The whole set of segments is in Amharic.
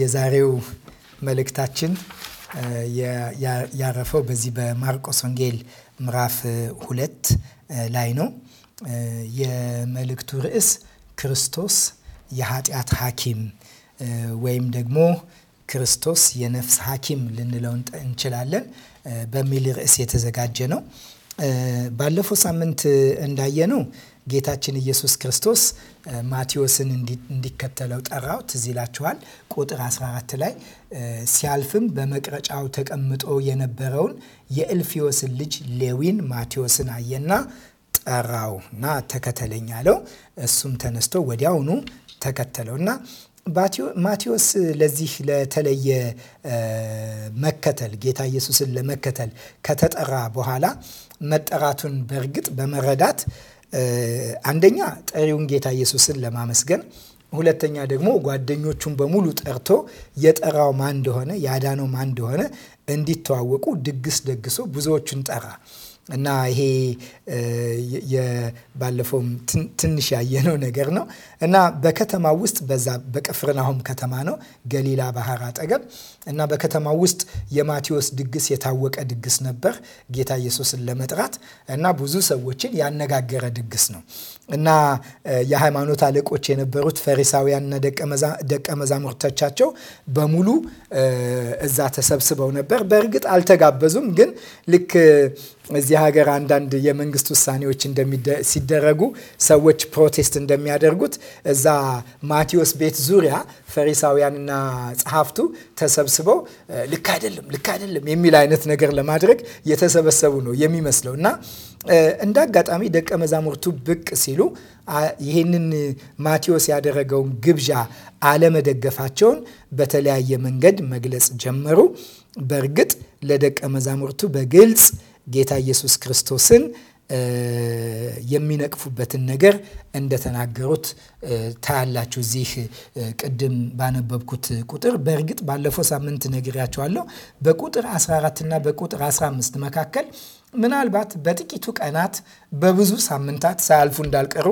የዛሬው መልእክታችን ያረፈው በዚህ በማርቆስ ወንጌል ምዕራፍ ሁለት ላይ ነው። የመልእክቱ ርዕስ ክርስቶስ የኃጢአት ሐኪም ወይም ደግሞ ክርስቶስ የነፍስ ሐኪም ልንለው እንችላለን በሚል ርዕስ የተዘጋጀ ነው። ባለፈው ሳምንት እንዳየነው ጌታችን ኢየሱስ ክርስቶስ ማቴዎስን እንዲከተለው ጠራው። ትዝ ይላችኋል። ቁጥር 14 ላይ ሲያልፍም በመቅረጫው ተቀምጦ የነበረውን የእልፊዮስን ልጅ ሌዊን ማቴዎስን አየና ጠራው እና ተከተለኝ አለው። እሱም ተነስቶ ወዲያውኑ ተከተለው እና ማቴዎስ ለዚህ ለተለየ መከተል ጌታ ኢየሱስን ለመከተል ከተጠራ በኋላ መጠራቱን በእርግጥ በመረዳት አንደኛ ጠሪውን ጌታ ኢየሱስን ለማመስገን ሁለተኛ ደግሞ ጓደኞቹን በሙሉ ጠርቶ የጠራው ማን እንደሆነ ያዳነው ማን እንደሆነ እንዲተዋወቁ ድግስ ደግሶ ብዙዎቹን ጠራ። እና ይሄ ባለፈውም ትንሽ ያየነው ነገር ነው እና በከተማ ውስጥ በዛ በቅፍርናሆም ከተማ ነው ገሊላ ባህር አጠገብ እና በከተማ ውስጥ የማቴዎስ ድግስ የታወቀ ድግስ ነበር፣ ጌታ ኢየሱስን ለመጥራት እና ብዙ ሰዎችን ያነጋገረ ድግስ ነው እና የሃይማኖት አለቆች የነበሩት ፈሪሳውያንና ደቀ መዛሙርቶቻቸው በሙሉ እዛ ተሰብስበው ነበር። በእርግጥ አልተጋበዙም፣ ግን ልክ እዚህ ሀገር አንዳንድ የመንግስት ውሳኔዎች ሲደረጉ ሰዎች ፕሮቴስት እንደሚያደርጉት እዛ ማቴዎስ ቤት ዙሪያ ፈሪሳውያንና ጸሐፍቱ ተሰብስበው ልክ አይደለም ልክ አይደለም የሚል አይነት ነገር ለማድረግ የተሰበሰቡ ነው የሚመስለው እና እንደ አጋጣሚ ደቀ መዛሙርቱ ብቅ ሲሉ ይህንን ማቴዎስ ያደረገውን ግብዣ አለመደገፋቸውን በተለያየ መንገድ መግለጽ ጀመሩ። በእርግጥ ለደቀ መዛሙርቱ በግልጽ ጌታ ኢየሱስ ክርስቶስን የሚነቅፉበትን ነገር እንደተናገሩት ታያላችሁ። እዚህ ቅድም ባነበብኩት ቁጥር በእርግጥ ባለፈው ሳምንት ነግሬያቸዋለሁ። በቁጥር 14 እና በቁጥር 15 መካከል ምናልባት በጥቂቱ ቀናት በብዙ ሳምንታት ሳያልፉ እንዳልቀሩ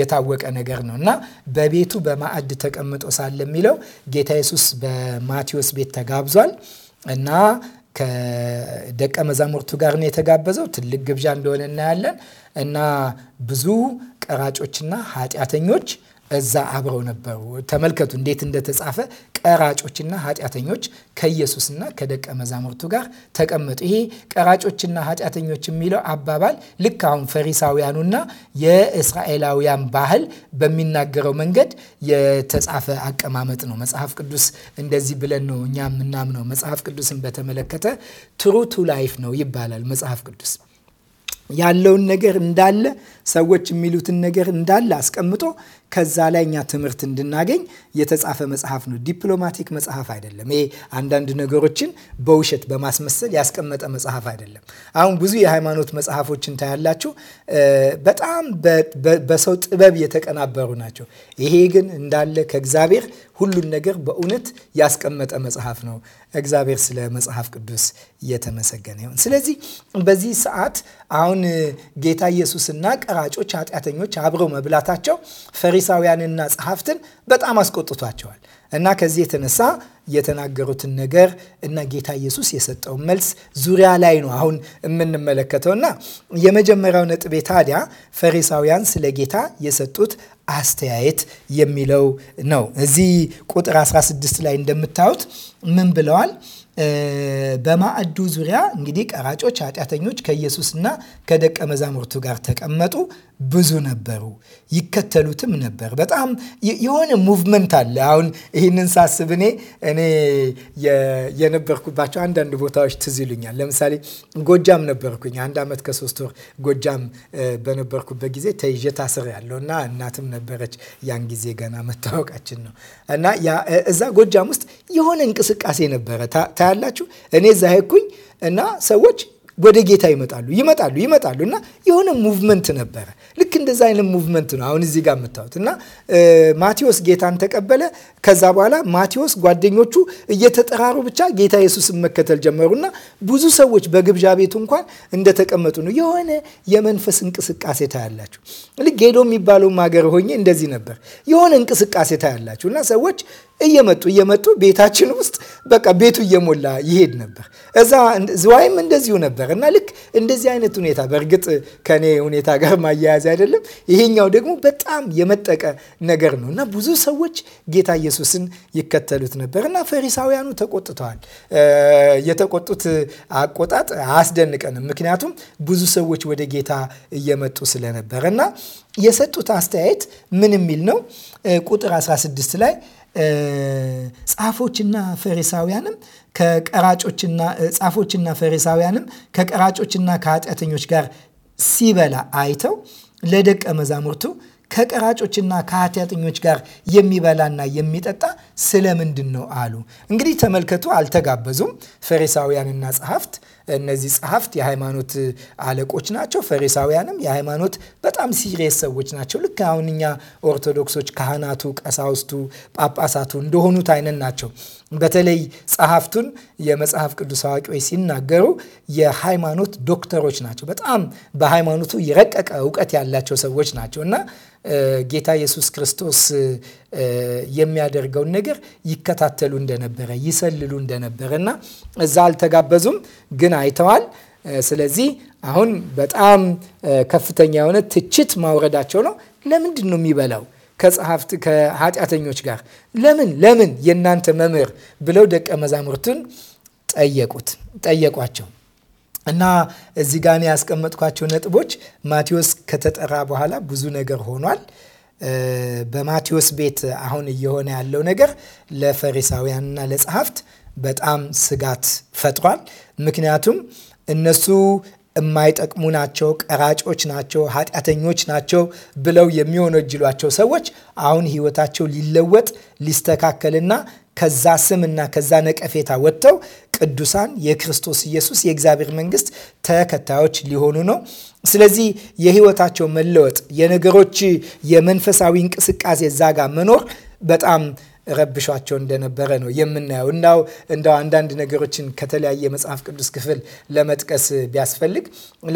የታወቀ ነገር ነው እና በቤቱ በማዕድ ተቀምጦ ሳለ የሚለው ጌታ ኢየሱስ በማቴዎስ ቤት ተጋብዟል እና ከደቀ መዛሙርቱ ጋር ነው የተጋበዘው። ትልቅ ግብዣ እንደሆነ እናያለን እና ብዙ ቀራጮችና ኃጢአተኞች እዛ አብረው ነበሩ። ተመልከቱ እንዴት እንደተጻፈ ቀራጮችና ኃጢአተኞች ከኢየሱስና ከደቀ መዛሙርቱ ጋር ተቀመጡ። ይሄ ቀራጮችና ኃጢአተኞች የሚለው አባባል ልክ አሁን ፈሪሳውያኑና የእስራኤላውያን ባህል በሚናገረው መንገድ የተጻፈ አቀማመጥ ነው። መጽሐፍ ቅዱስ እንደዚህ ብለን ነው እኛ የምናምነው። መጽሐፍ ቅዱስን በተመለከተ ትሩቱ ቱ ላይፍ ነው ይባላል መጽሐፍ ቅዱስ ያለውን ነገር እንዳለ ሰዎች የሚሉትን ነገር እንዳለ አስቀምጦ ከዛ ላይ እኛ ትምህርት እንድናገኝ የተጻፈ መጽሐፍ ነው። ዲፕሎማቲክ መጽሐፍ አይደለም። ይሄ አንዳንድ ነገሮችን በውሸት በማስመሰል ያስቀመጠ መጽሐፍ አይደለም። አሁን ብዙ የሃይማኖት መጽሐፎችን ታያላችሁ። በጣም በሰው ጥበብ የተቀናበሩ ናቸው። ይሄ ግን እንዳለ ከእግዚአብሔር ሁሉን ነገር በእውነት ያስቀመጠ መጽሐፍ ነው። እግዚአብሔር ስለ መጽሐፍ ቅዱስ እየተመሰገነ ይሁን። ስለዚህ በዚህ ሰዓት አሁን ጌታ ኢየሱስና ቀራጮች፣ ኃጢአተኞች አብረው መብላታቸው ፈሪሳውያንና ጸሐፍትን በጣም አስቆጥቷቸዋል እና ከዚህ የተነሳ የተናገሩትን ነገር እና ጌታ ኢየሱስ የሰጠውን መልስ ዙሪያ ላይ ነው አሁን የምንመለከተው እና የመጀመሪያው ነጥቤ ታዲያ ፈሪሳውያን ስለ ጌታ የሰጡት አስተያየት የሚለው ነው። እዚህ ቁጥር 16 ላይ እንደምታዩት ምን ብለዋል? በማዕዱ ዙሪያ እንግዲህ ቀራጮች፣ ኃጢአተኞች ከኢየሱስና ከደቀ መዛሙርቱ ጋር ተቀመጡ። ብዙ ነበሩ፣ ይከተሉትም ነበር። በጣም የሆነ ሙቭመንት አለ። አሁን ይህንን ሳስብ እኔ እኔ የነበርኩባቸው አንዳንድ ቦታዎች ትዝ ይሉኛል። ለምሳሌ ጎጃም ነበርኩኝ አንድ ዓመት ከሶስት ወር ጎጃም በነበርኩበት ጊዜ ተይዤ ታስር ያለው እና እናትም ነበረች ያን ጊዜ ገና መታወቃችን ነው እና እዛ ጎጃም ውስጥ የሆነ እንቅስቃሴ ነበረ ታያላችሁ። እኔ እዛ ሄድኩኝ እና ሰዎች ወደ ጌታ ይመጣሉ ይመጣሉ ይመጣሉ እና የሆነ ሙቭመንት ነበረ። ልክ እንደዛ አይነት ሙቭመንት ነው አሁን እዚህ ጋር የምታዩት። እና ማቴዎስ ጌታን ተቀበለ። ከዛ በኋላ ማቴዎስ ጓደኞቹ እየተጠራሩ ብቻ ጌታ ኢየሱስን መከተል ጀመሩና ብዙ ሰዎች በግብዣ ቤቱ እንኳን እንደተቀመጡ ነው የሆነ የመንፈስ እንቅስቃሴ ታያላችሁ። ልክ ጌዶ የሚባለውም ሀገር ሆኜ እንደዚህ ነበር። የሆነ እንቅስቃሴ ታያላችሁ እና ሰዎች እየመጡ እየመጡ ቤታችን ውስጥ በቃ ቤቱ እየሞላ ይሄድ ነበር። እዛ ዝዋይም እንደዚሁ ነበር እና ልክ እንደዚህ አይነት ሁኔታ በእርግጥ ከኔ ሁኔታ ጋር ማያያዝ አይደለም። ይሄኛው ደግሞ በጣም የመጠቀ ነገር ነው እና ብዙ ሰዎች ጌታ ኢየሱስን ይከተሉት ነበር እና ፈሪሳውያኑ ተቆጥተዋል። የተቆጡት አቆጣጥ አያስደንቀንም፣ ምክንያቱም ብዙ ሰዎች ወደ ጌታ እየመጡ ስለነበረ እና የሰጡት አስተያየት ምን የሚል ነው? ቁጥር 16 ላይ ጻፎችና ፈሪሳውያንም ከቀራጮችና ጻፎችና ፈሪሳውያንም ከቀራጮችና ከኃጢአተኞች ጋር ሲበላ አይተው ለደቀ መዛሙርቱ ከቀራጮችና ከኃጢአተኞች ጋር የሚበላና የሚጠጣ ስለምንድን ነው አሉ። እንግዲህ ተመልከቱ፣ አልተጋበዙም። ፈሪሳውያንና ጸሐፍት እነዚህ ጸሐፍት የሃይማኖት አለቆች ናቸው። ፈሪሳውያንም የሃይማኖት በጣም ሲሪየስ ሰዎች ናቸው። ልክ አሁን እኛ ኦርቶዶክሶች ካህናቱ፣ ቀሳውስቱ፣ ጳጳሳቱ እንደሆኑት አይነት ናቸው። በተለይ ጸሐፍቱን የመጽሐፍ ቅዱስ አዋቂዎች ሲናገሩ የሃይማኖት ዶክተሮች ናቸው። በጣም በሃይማኖቱ የረቀቀ እውቀት ያላቸው ሰዎች ናቸው እና ጌታ ኢየሱስ ክርስቶስ የሚያደርገውን ነገር ይከታተሉ እንደነበረ ይሰልሉ እንደነበረ እና እዛ አልተጋበዙም፣ ግን አይተዋል። ስለዚህ አሁን በጣም ከፍተኛ የሆነ ትችት ማውረዳቸው ነው። ለምንድን ነው የሚበላው ከጸሐፍት ከኃጢአተኞች ጋር ለምን ለምን የእናንተ መምህር ብለው ደቀ መዛሙርቱን ጠየቁት ጠየቋቸው። እና እዚህ ጋር ያስቀመጥኳቸው ነጥቦች ማቴዎስ ከተጠራ በኋላ ብዙ ነገር ሆኗል። በማቴዎስ ቤት አሁን እየሆነ ያለው ነገር ለፈሪሳውያንና ለጸሐፍት በጣም ስጋት ፈጥሯል። ምክንያቱም እነሱ የማይጠቅሙ ናቸው፣ ቀራጮች ናቸው፣ ኃጢአተኞች ናቸው ብለው የሚወነጅሏቸው ሰዎች አሁን ህይወታቸው ሊለወጥ ሊስተካከልና ከዛ ስምና ከዛ ነቀፌታ ወጥተው ቅዱሳን የክርስቶስ ኢየሱስ የእግዚአብሔር መንግስት ተከታዮች ሊሆኑ ነው። ስለዚህ የህይወታቸው መለወጥ የነገሮች የመንፈሳዊ እንቅስቃሴ እዛ ጋር መኖር በጣም ረብሿቸው እንደነበረ ነው የምናየው። እናው እንደው አንዳንድ ነገሮችን ከተለያየ መጽሐፍ ቅዱስ ክፍል ለመጥቀስ ቢያስፈልግ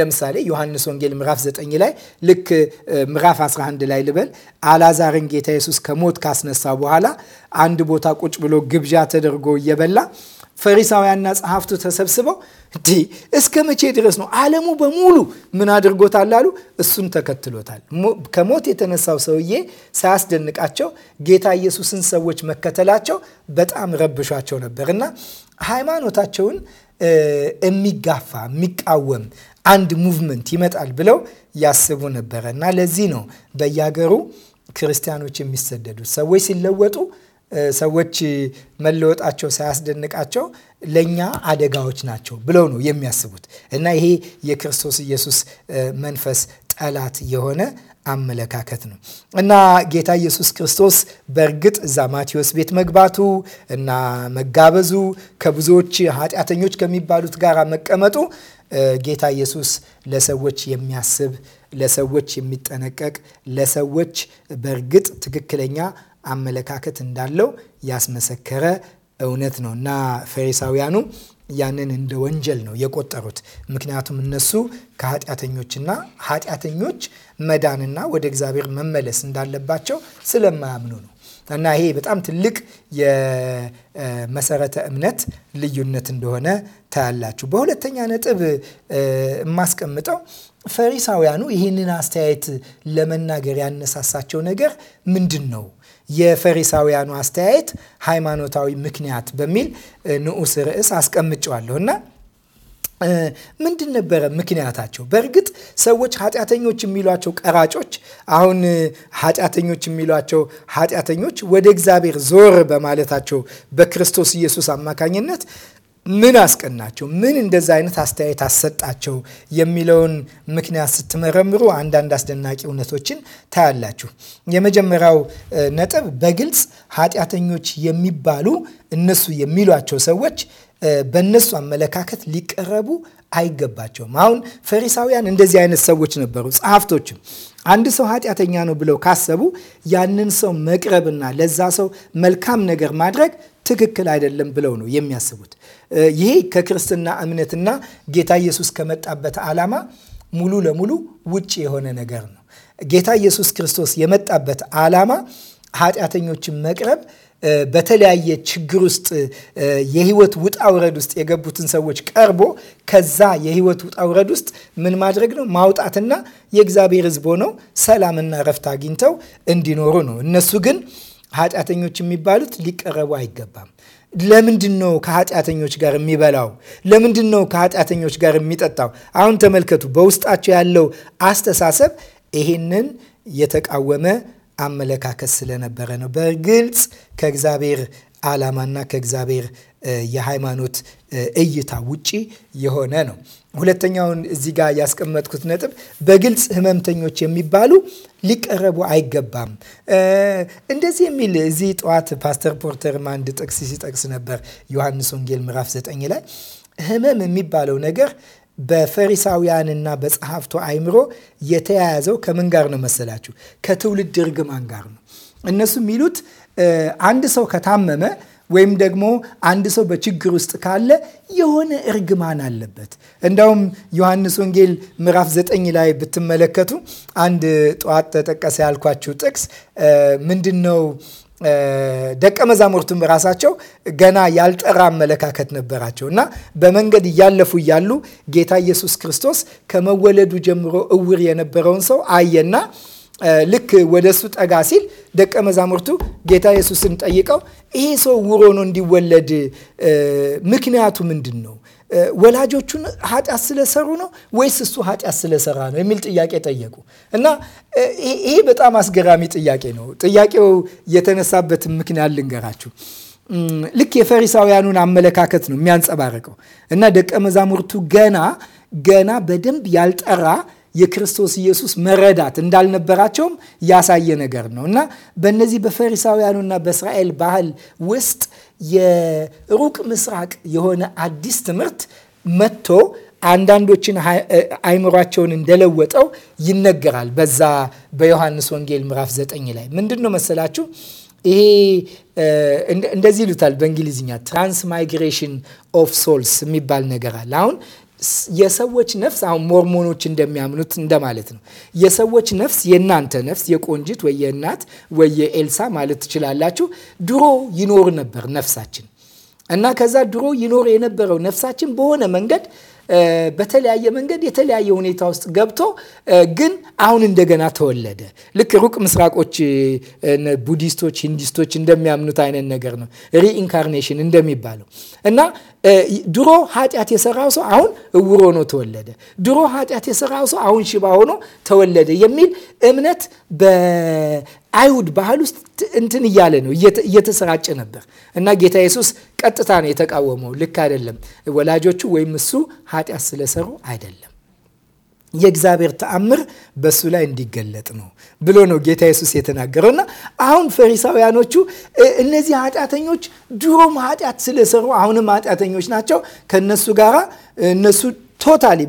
ለምሳሌ ዮሐንስ ወንጌል ምዕራፍ 9 ላይ ልክ ምዕራፍ 11 ላይ ልበል አላዛርን ጌታ ኢየሱስ ከሞት ካስነሳ በኋላ አንድ ቦታ ቁጭ ብሎ ግብዣ ተደርጎ እየበላ ፈሪሳውያንና ጸሐፍቱ ተሰብስበው እስከ መቼ ድረስ ነው? ዓለሙ በሙሉ ምን አድርጎታል አሉ። እሱን ተከትሎታል። ከሞት የተነሳው ሰውዬ ሳያስደንቃቸው ጌታ ኢየሱስን ሰዎች መከተላቸው በጣም ረብሿቸው ነበር እና ሃይማኖታቸውን የሚጋፋ የሚቃወም አንድ ሙቭመንት ይመጣል ብለው ያስቡ ነበረ እና ለዚህ ነው በየሀገሩ ክርስቲያኖች የሚሰደዱት ሰዎች ሲለወጡ ሰዎች መለወጣቸው ሳያስደንቃቸው ለእኛ አደጋዎች ናቸው ብለው ነው የሚያስቡት እና ይሄ የክርስቶስ ኢየሱስ መንፈስ ጠላት የሆነ አመለካከት ነው እና ጌታ ኢየሱስ ክርስቶስ በእርግጥ እዛ ማቴዎስ ቤት መግባቱ እና መጋበዙ ከብዙዎች ኃጢአተኞች ከሚባሉት ጋር መቀመጡ ጌታ ኢየሱስ ለሰዎች የሚያስብ ለሰዎች የሚጠነቀቅ ለሰዎች በእርግጥ ትክክለኛ አመለካከት እንዳለው ያስመሰከረ እውነት ነው እና ፈሪሳውያኑ ያንን እንደ ወንጀል ነው የቆጠሩት። ምክንያቱም እነሱ ከኃጢአተኞችና ኃጢአተኞች መዳንና ወደ እግዚአብሔር መመለስ እንዳለባቸው ስለማያምኑ ነው እና ይሄ በጣም ትልቅ የመሰረተ እምነት ልዩነት እንደሆነ ታያላችሁ። በሁለተኛ ነጥብ የማስቀምጠው ፈሪሳውያኑ ይህንን አስተያየት ለመናገር ያነሳሳቸው ነገር ምንድን ነው የፈሪሳውያኑ አስተያየት ሃይማኖታዊ ምክንያት በሚል ንዑስ ርዕስ አስቀምጨዋለሁ እና ምንድን ነበረ ምክንያታቸው? በእርግጥ ሰዎች ኃጢአተኞች የሚሏቸው ቀራጮች አሁን ኃጢአተኞች የሚሏቸው ኃጢአተኞች ወደ እግዚአብሔር ዞር በማለታቸው በክርስቶስ ኢየሱስ አማካኝነት ምን አስቀናቸው? ምን እንደዚ አይነት አስተያየት አሰጣቸው የሚለውን ምክንያት ስትመረምሩ አንዳንድ አስደናቂ እውነቶችን ታያላችሁ። የመጀመሪያው ነጥብ በግልጽ ኃጢአተኞች የሚባሉ እነሱ የሚሏቸው ሰዎች በእነሱ አመለካከት ሊቀረቡ አይገባቸውም። አሁን ፈሪሳውያን እንደዚህ አይነት ሰዎች ነበሩ። ጸሐፍቶችም አንድ ሰው ኃጢአተኛ ነው ብለው ካሰቡ ያንን ሰው መቅረብና ለዛ ሰው መልካም ነገር ማድረግ ትክክል አይደለም ብለው ነው የሚያስቡት። ይሄ ከክርስትና እምነትና ጌታ ኢየሱስ ከመጣበት ዓላማ ሙሉ ለሙሉ ውጭ የሆነ ነገር ነው። ጌታ ኢየሱስ ክርስቶስ የመጣበት ዓላማ ኃጢአተኞችን መቅረብ በተለያየ ችግር ውስጥ የህይወት ውጣ ውረድ ውስጥ የገቡትን ሰዎች ቀርቦ ከዛ የህይወት ውጣ ውረድ ውስጥ ምን ማድረግ ነው ማውጣትና የእግዚአብሔር ሕዝብ ሆነው ሰላምና ረፍት አግኝተው እንዲኖሩ ነው። እነሱ ግን ኃጢአተኞች የሚባሉት ሊቀረቡ አይገባም። ለምንድን ነው ከኃጢአተኞች ጋር የሚበላው? ለምንድን ነው ከኃጢአተኞች ጋር የሚጠጣው? አሁን ተመልከቱ። በውስጣቸው ያለው አስተሳሰብ ይሄንን የተቃወመ አመለካከት ስለነበረ ነው። በግልጽ ከእግዚአብሔር ዓላማና ከእግዚአብሔር የሃይማኖት እይታ ውጪ የሆነ ነው። ሁለተኛውን እዚህ ጋር ያስቀመጥኩት ነጥብ በግልጽ ህመምተኞች የሚባሉ ሊቀረቡ አይገባም። እንደዚህ የሚል እዚህ ጠዋት ፓስተር ፖርተርም አንድ ጥቅስ ሲጠቅስ ነበር ዮሐንስ ወንጌል ምዕራፍ 9 ላይ ህመም የሚባለው ነገር በፈሪሳውያንና በጸሐፍቱ አይምሮ የተያያዘው ከምን ጋር ነው መሰላችሁ? ከትውልድ እርግማን ጋር ነው። እነሱ የሚሉት አንድ ሰው ከታመመ ወይም ደግሞ አንድ ሰው በችግር ውስጥ ካለ የሆነ እርግማን አለበት። እንዳውም ዮሐንስ ወንጌል ምዕራፍ ዘጠኝ ላይ ብትመለከቱ አንድ ጠዋት ተጠቀሰ ያልኳችሁ ጥቅስ ምንድን ነው? ደቀ መዛሙርቱም ራሳቸው ገና ያልጠራ አመለካከት ነበራቸው እና በመንገድ እያለፉ እያሉ ጌታ ኢየሱስ ክርስቶስ ከመወለዱ ጀምሮ እውር የነበረውን ሰው አየና ልክ ወደ እሱ ጠጋ ሲል ደቀ መዛሙርቱ ጌታ ኢየሱስን ጠይቀው ይሄ ሰው ውሮ ነው እንዲወለድ ምክንያቱ ምንድን ነው? ወላጆቹን ኃጢአት ስለሰሩ ነው ወይስ እሱ ኃጢአት ስለሰራ ነው የሚል ጥያቄ ጠየቁ። እና ይሄ በጣም አስገራሚ ጥያቄ ነው። ጥያቄው የተነሳበትን ምክንያት ልንገራችሁ። ልክ የፈሪሳውያኑን አመለካከት ነው የሚያንጸባርቀው እና ደቀ መዛሙርቱ ገና ገና በደንብ ያልጠራ የክርስቶስ ኢየሱስ መረዳት እንዳልነበራቸውም ያሳየ ነገር ነው እና በእነዚህ በፈሪሳውያኑና በእስራኤል ባህል ውስጥ የሩቅ ምስራቅ የሆነ አዲስ ትምህርት መጥቶ አንዳንዶችን አይምሯቸውን እንደለወጠው ይነገራል። በዛ በዮሐንስ ወንጌል ምዕራፍ ዘጠኝ ላይ ምንድን ነው መሰላችሁ? ይሄ እንደዚህ ይሉታል በእንግሊዝኛ ማይግሬሽን ኦፍ ሶልስ የሚባል ነገር አለ። አሁን የሰዎች ነፍስ አሁን ሞርሞኖች እንደሚያምኑት እንደማለት ነው። የሰዎች ነፍስ የእናንተ ነፍስ የቆንጂት ወይ የእናት ወይ የኤልሳ ማለት ትችላላችሁ። ድሮ ይኖር ነበር ነፍሳችን እና ከዛ ድሮ ይኖር የነበረው ነፍሳችን በሆነ መንገድ በተለያየ መንገድ የተለያየ ሁኔታ ውስጥ ገብቶ ግን አሁን እንደገና ተወለደ። ልክ ሩቅ ምስራቆች ቡዲስቶች፣ ሂንዲስቶች እንደሚያምኑት አይነት ነገር ነው ሪኢንካርኔሽን እንደሚባለው እና ድሮ ኃጢአት የሰራው ሰው አሁን እውር ሆኖ ተወለደ፣ ድሮ ኃጢአት የሰራው ሰው አሁን ሽባ ሆኖ ተወለደ የሚል እምነት በአይሁድ ባህል ውስጥ እንትን እያለ ነው እየተሰራጨ ነበር እና ጌታ ኢየሱስ ቀጥታ ነው የተቃወመው። ልክ አይደለም፣ ወላጆቹ ወይም እሱ ኃጢአት ስለሰሩ አይደለም የእግዚአብሔር ተአምር በእሱ ላይ እንዲገለጥ ነው ብሎ ነው ጌታ ኢየሱስ የተናገረው። እና አሁን ፈሪሳውያኖቹ እነዚህ ኃጢአተኞች ድሮም ኃጢአት ስለሰሩ አሁንም ኃጢአተኞች ናቸው። ከነሱ ጋር እነሱ ቶታሊ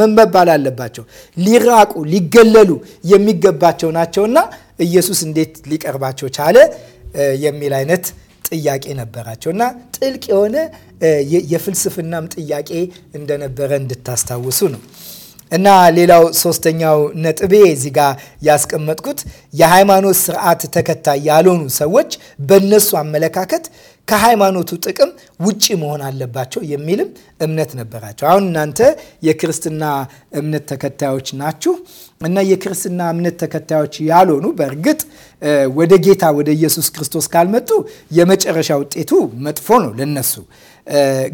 መመባል አለባቸው። ሊራቁ ሊገለሉ የሚገባቸው ናቸውና ኢየሱስ እንዴት ሊቀርባቸው ቻለ የሚል አይነት ጥያቄ ነበራቸው እና ጥልቅ የሆነ የፍልስፍናም ጥያቄ እንደነበረ እንድታስታውሱ ነው። እና ሌላው ሶስተኛው ነጥቤ እዚህ ጋ ያስቀመጥኩት የሃይማኖት ስርዓት ተከታይ ያልሆኑ ሰዎች በእነሱ አመለካከት ከሃይማኖቱ ጥቅም ውጪ መሆን አለባቸው የሚልም እምነት ነበራቸው። አሁን እናንተ የክርስትና እምነት ተከታዮች ናችሁ እና የክርስትና እምነት ተከታዮች ያልሆኑ በእርግጥ ወደ ጌታ ወደ ኢየሱስ ክርስቶስ ካልመጡ የመጨረሻ ውጤቱ መጥፎ ነው ለነሱ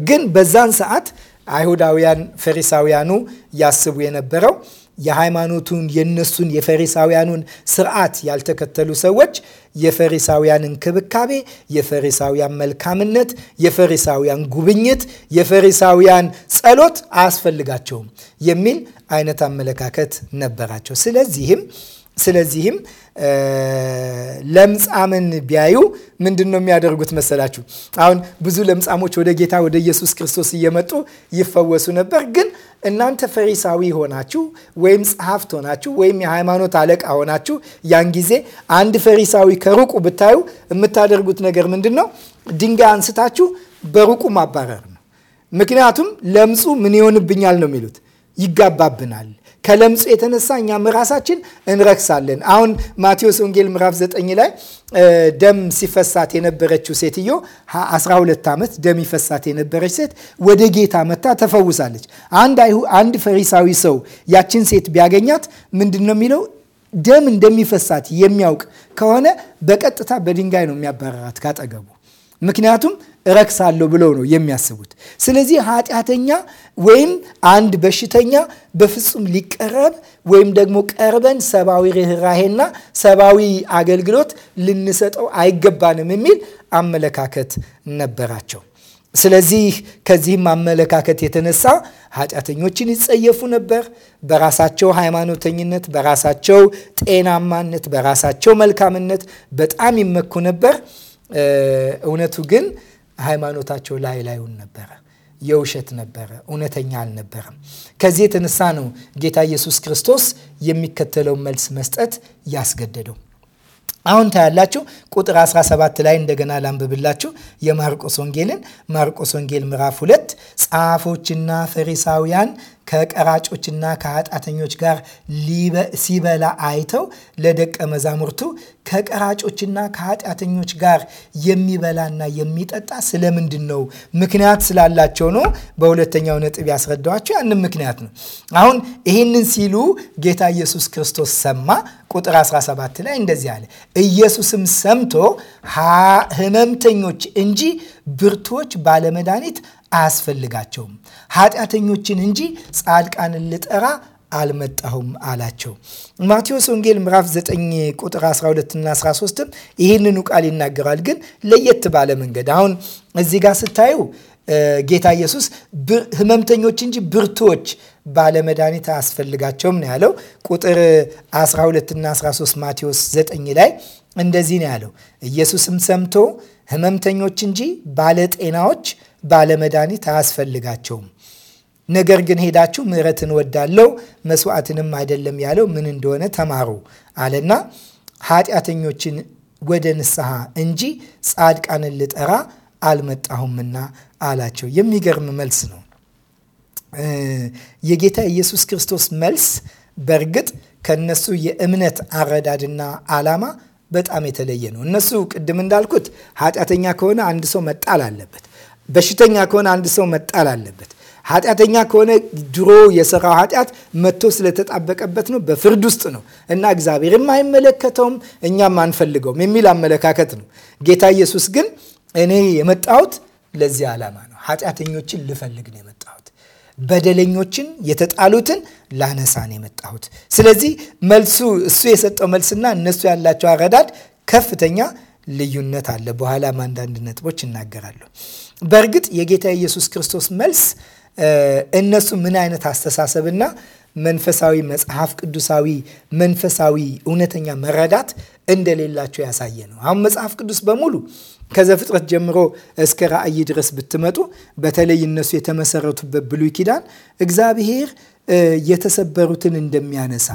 ግን በዛን ሰዓት አይሁዳውያን ፈሪሳውያኑ ያስቡ የነበረው የሃይማኖቱን የነሱን የፈሪሳውያኑን ስርዓት ያልተከተሉ ሰዎች የፈሪሳውያን እንክብካቤ፣ የፈሪሳውያን መልካምነት፣ የፈሪሳውያን ጉብኝት፣ የፈሪሳውያን ጸሎት አያስፈልጋቸውም የሚል አይነት አመለካከት ነበራቸው። ስለዚህም ስለዚህም ለምጻምን ቢያዩ ምንድን ነው የሚያደርጉት መሰላችሁ? አሁን ብዙ ለምጻሞች ወደ ጌታ ወደ ኢየሱስ ክርስቶስ እየመጡ ይፈወሱ ነበር። ግን እናንተ ፈሪሳዊ ሆናችሁ ወይም ጸሐፍት ሆናችሁ ወይም የሃይማኖት አለቃ ሆናችሁ ያን ጊዜ አንድ ፈሪሳዊ ከሩቁ ብታዩ የምታደርጉት ነገር ምንድን ነው? ድንጋይ አንስታችሁ በሩቁ ማባረር ነው። ምክንያቱም ለምጹ ምን ይሆንብኛል ነው የሚሉት፣ ይጋባብናል ከለምጹ የተነሳ እኛም ራሳችን እንረክሳለን። አሁን ማቴዎስ ወንጌል ምዕራፍ 9 ላይ ደም ሲፈሳት የነበረችው ሴትዮ 12 ዓመት ደም ይፈሳት የነበረች ሴት ወደ ጌታ መታ ተፈውሳለች። አንድ ፈሪሳዊ ሰው ያችን ሴት ቢያገኛት ምንድን ነው የሚለው? ደም እንደሚፈሳት የሚያውቅ ከሆነ በቀጥታ በድንጋይ ነው የሚያባረራት ካጠገቡ ምክንያቱም እረክሳለሁ ብለው ነው የሚያስቡት። ስለዚህ ኃጢአተኛ ወይም አንድ በሽተኛ በፍጹም ሊቀረብ ወይም ደግሞ ቀርበን ሰብአዊ ርኅራሄና ሰብአዊ አገልግሎት ልንሰጠው አይገባንም የሚል አመለካከት ነበራቸው። ስለዚህ ከዚህም አመለካከት የተነሳ ኃጢአተኞችን ይጸየፉ ነበር። በራሳቸው ሃይማኖተኝነት፣ በራሳቸው ጤናማነት፣ በራሳቸው መልካምነት በጣም ይመኩ ነበር። እውነቱ ግን ሃይማኖታቸው ላይ ላዩን ነበረ፣ የውሸት ነበረ፣ እውነተኛ አልነበረም። ከዚህ የተነሳ ነው ጌታ ኢየሱስ ክርስቶስ የሚከተለውን መልስ መስጠት ያስገደደው። አሁን ታያላችሁ ቁጥር 17 ላይ እንደገና ላንብብላችሁ የማርቆስ ወንጌልን ማርቆስ ወንጌል ምዕራፍ 2 ጸሐፎችና ፈሪሳውያን ከቀራጮችና ከኃጢአተኞች ጋር ሲበላ አይተው ለደቀ መዛሙርቱ ከቀራጮችና ከኃጢአተኞች ጋር የሚበላና የሚጠጣ ስለምንድን ነው? ምክንያት ስላላቸው ነው። በሁለተኛው ነጥብ ያስረዳኋቸው ያንም ምክንያት ነው። አሁን ይህንን ሲሉ ጌታ ኢየሱስ ክርስቶስ ሰማ። ቁጥር 17 ላይ እንደዚህ አለ፣ ኢየሱስም ሰምቶ ህመምተኞች እንጂ ብርቶች ባለመድኃኒት አያስፈልጋቸውም፣ ኃጢአተኞችን እንጂ ጻድቃንን ልጠራ አልመጣሁም አላቸው። ማቴዎስ ወንጌል ምዕራፍ 9 ቁጥር 12 እና 13 ይህንኑ ቃል ይናገራል፣ ግን ለየት ባለ መንገድ። አሁን እዚህ ጋር ስታዩ ጌታ ኢየሱስ ህመምተኞች እንጂ ብርቶች ባለመድኃኒት አያስፈልጋቸውም ነው ያለው። ቁጥር 12 እና 13 ማቴዎስ 9 ላይ እንደዚህ ነው ያለው። ኢየሱስም ሰምቶ ህመምተኞች እንጂ ባለጤናዎች ባለመድኃኒት አያስፈልጋቸውም፣ ነገር ግን ሄዳችሁ ምሕረትን ወዳለው መስዋዕትንም አይደለም ያለው ምን እንደሆነ ተማሩ አለና ኃጢአተኞችን ወደ ንስሐ እንጂ ጻድቃንን ልጠራ አልመጣሁምና አላቸው። የሚገርም መልስ ነው። የጌታ ኢየሱስ ክርስቶስ መልስ በእርግጥ ከነሱ የእምነት አረዳድና ዓላማ በጣም የተለየ ነው። እነሱ ቅድም እንዳልኩት ኃጢአተኛ ከሆነ አንድ ሰው መጣል አለበት። በሽተኛ ከሆነ አንድ ሰው መጣል አለበት። ኃጢአተኛ ከሆነ ድሮ የሰራው ኃጢአት መጥቶ ስለተጣበቀበት ነው። በፍርድ ውስጥ ነው እና እግዚአብሔርም አይመለከተውም፣ እኛም አንፈልገውም የሚል አመለካከት ነው። ጌታ ኢየሱስ ግን እኔ የመጣሁት ለዚህ ዓላማ ነው። ኃጢአተኞችን ልፈልግ ነው የመጣሁት። በደለኞችን የተጣሉትን ላነሳ ነው የመጣሁት። ስለዚህ መልሱ እሱ የሰጠው መልስና እነሱ ያላቸው አረዳድ ከፍተኛ ልዩነት አለ። በኋላም አንዳንድ ነጥቦች እናገራለሁ። በእርግጥ የጌታ ኢየሱስ ክርስቶስ መልስ እነሱ ምን አይነት አስተሳሰብና መንፈሳዊ መጽሐፍ ቅዱሳዊ መንፈሳዊ እውነተኛ መረዳት እንደሌላቸው ያሳየ ነው። አሁን መጽሐፍ ቅዱስ በሙሉ ከዘፍጥረት ጀምሮ እስከ ራእይ ድረስ ብትመጡ በተለይ እነሱ የተመሰረቱበት ብሉይ ኪዳን እግዚአብሔር የተሰበሩትን እንደሚያነሳ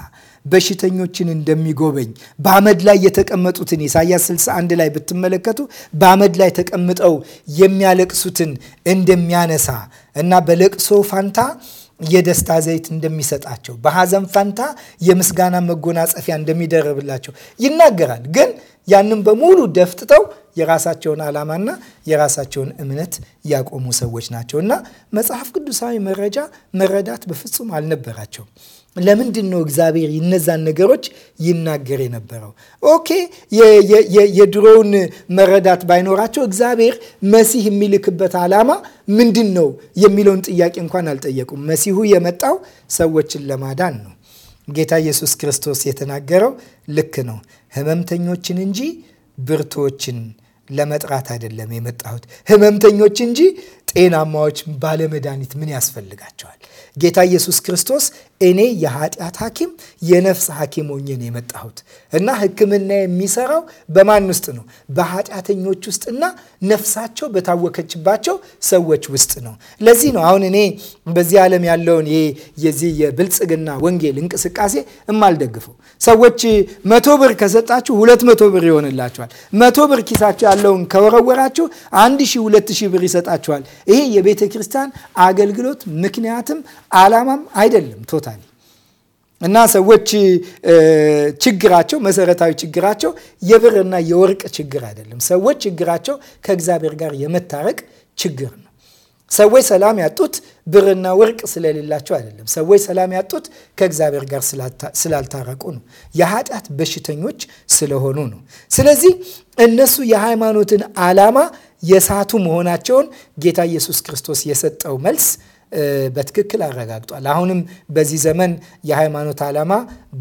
በሽተኞችን እንደሚጎበኝ በአመድ ላይ የተቀመጡትን ኢሳያስ 61 ላይ ብትመለከቱ በአመድ ላይ ተቀምጠው የሚያለቅሱትን እንደሚያነሳ እና በለቅሶ ፋንታ የደስታ ዘይት እንደሚሰጣቸው በሐዘን ፋንታ የምስጋና መጎናጸፊያ እንደሚደረብላቸው ይናገራል። ግን ያንም በሙሉ ደፍጥጠው የራሳቸውን ዓላማና የራሳቸውን እምነት ያቆሙ ሰዎች ናቸው እና መጽሐፍ ቅዱሳዊ መረጃ መረዳት በፍጹም አልነበራቸውም። ለምንድን ነው እግዚአብሔር እነዛን ነገሮች ይናገር የነበረው? ኦኬ የድሮውን መረዳት ባይኖራቸው እግዚአብሔር መሲህ የሚልክበት ዓላማ ምንድን ነው የሚለውን ጥያቄ እንኳን አልጠየቁም። መሲሁ የመጣው ሰዎችን ለማዳን ነው። ጌታ ኢየሱስ ክርስቶስ የተናገረው ልክ ነው። ህመምተኞችን እንጂ ብርቶችን ለመጥራት አይደለም የመጣሁት፣ ህመምተኞች እንጂ ጤናማዎች ባለመድኃኒት ምን ያስፈልጋቸዋል? ጌታ ኢየሱስ ክርስቶስ እኔ የኃጢአት ሐኪም የነፍስ ሐኪም ሆኜ ነው የመጣሁት እና ሕክምና የሚሰራው በማን ውስጥ ነው? በኃጢአተኞች ውስጥና ነፍሳቸው በታወከችባቸው ሰዎች ውስጥ ነው። ለዚህ ነው አሁን እኔ በዚህ ዓለም ያለውን የዚህ የብልጽግና ወንጌል እንቅስቃሴ እማልደግፈው ሰዎች መቶ ብር ከሰጣችሁ ሁለት መቶ ብር ይሆንላችኋል። መቶ ብር ኪሳችሁ ያለውን ከወረወራችሁ አንድ ሺህ ሁለት ሺህ ብር ይሰጣችኋል። ይሄ የቤተ ክርስቲያን አገልግሎት ምክንያትም አላማም አይደለም ቶታሊ እና ሰዎች ችግራቸው መሰረታዊ ችግራቸው የብርና የወርቅ ችግር አይደለም። ሰዎች ችግራቸው ከእግዚአብሔር ጋር የመታረቅ ችግር ነው። ሰዎች ሰላም ያጡት ብርና ወርቅ ስለሌላቸው አይደለም። ሰዎች ሰላም ያጡት ከእግዚአብሔር ጋር ስላልታረቁ ነው። የኃጢአት በሽተኞች ስለሆኑ ነው። ስለዚህ እነሱ የሃይማኖትን ዓላማ የሳቱ መሆናቸውን ጌታ ኢየሱስ ክርስቶስ የሰጠው መልስ በትክክል አረጋግጧል። አሁንም በዚህ ዘመን የሃይማኖት ዓላማ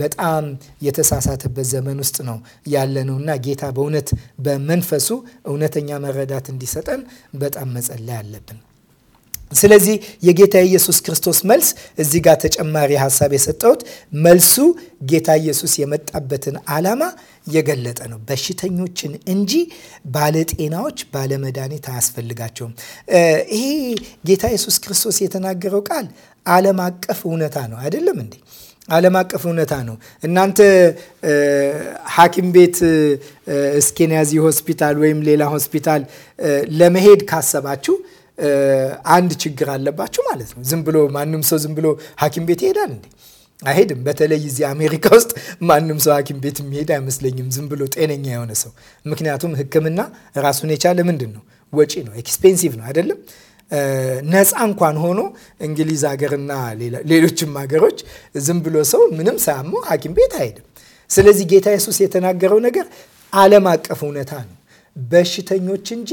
በጣም የተሳሳተበት ዘመን ውስጥ ነው ያለ እና ጌታ በእውነት በመንፈሱ እውነተኛ መረዳት እንዲሰጠን በጣም መጸለይ አለብን። ስለዚህ የጌታ ኢየሱስ ክርስቶስ መልስ እዚህ ጋር ተጨማሪ ሀሳብ የሰጠሁት መልሱ ጌታ ኢየሱስ የመጣበትን ዓላማ የገለጠ ነው። በሽተኞችን እንጂ ባለጤናዎች ባለመድኃኒት አያስፈልጋቸውም። ይሄ ጌታ ኢየሱስ ክርስቶስ የተናገረው ቃል ዓለም አቀፍ እውነታ ነው። አይደለም እንዴ? ዓለም አቀፍ እውነታ ነው። እናንተ ሐኪም ቤት እስኬንያዚ ሆስፒታል ወይም ሌላ ሆስፒታል ለመሄድ ካሰባችሁ አንድ ችግር አለባችሁ ማለት ነው። ዝም ብሎ ማንም ሰው ዝም ብሎ ሐኪም ቤት ይሄዳል እንዴ? አይሄድም። በተለይ እዚህ አሜሪካ ውስጥ ማንም ሰው ሐኪም ቤት የሚሄድ አይመስለኝም፣ ዝም ብሎ ጤነኛ የሆነ ሰው። ምክንያቱም ሕክምና ራሱን የቻለ ምንድን ነው ወጪ ነው፣ ኤክስፔንሲቭ ነው አይደለም? ነፃ እንኳን ሆኖ እንግሊዝ ሀገርና ሌሎችም ሀገሮች ዝም ብሎ ሰው ምንም ሳያመው ሐኪም ቤት አይሄድም። ስለዚህ ጌታ ኢየሱስ የተናገረው ነገር ዓለም አቀፍ እውነታ ነው። በሽተኞች እንጂ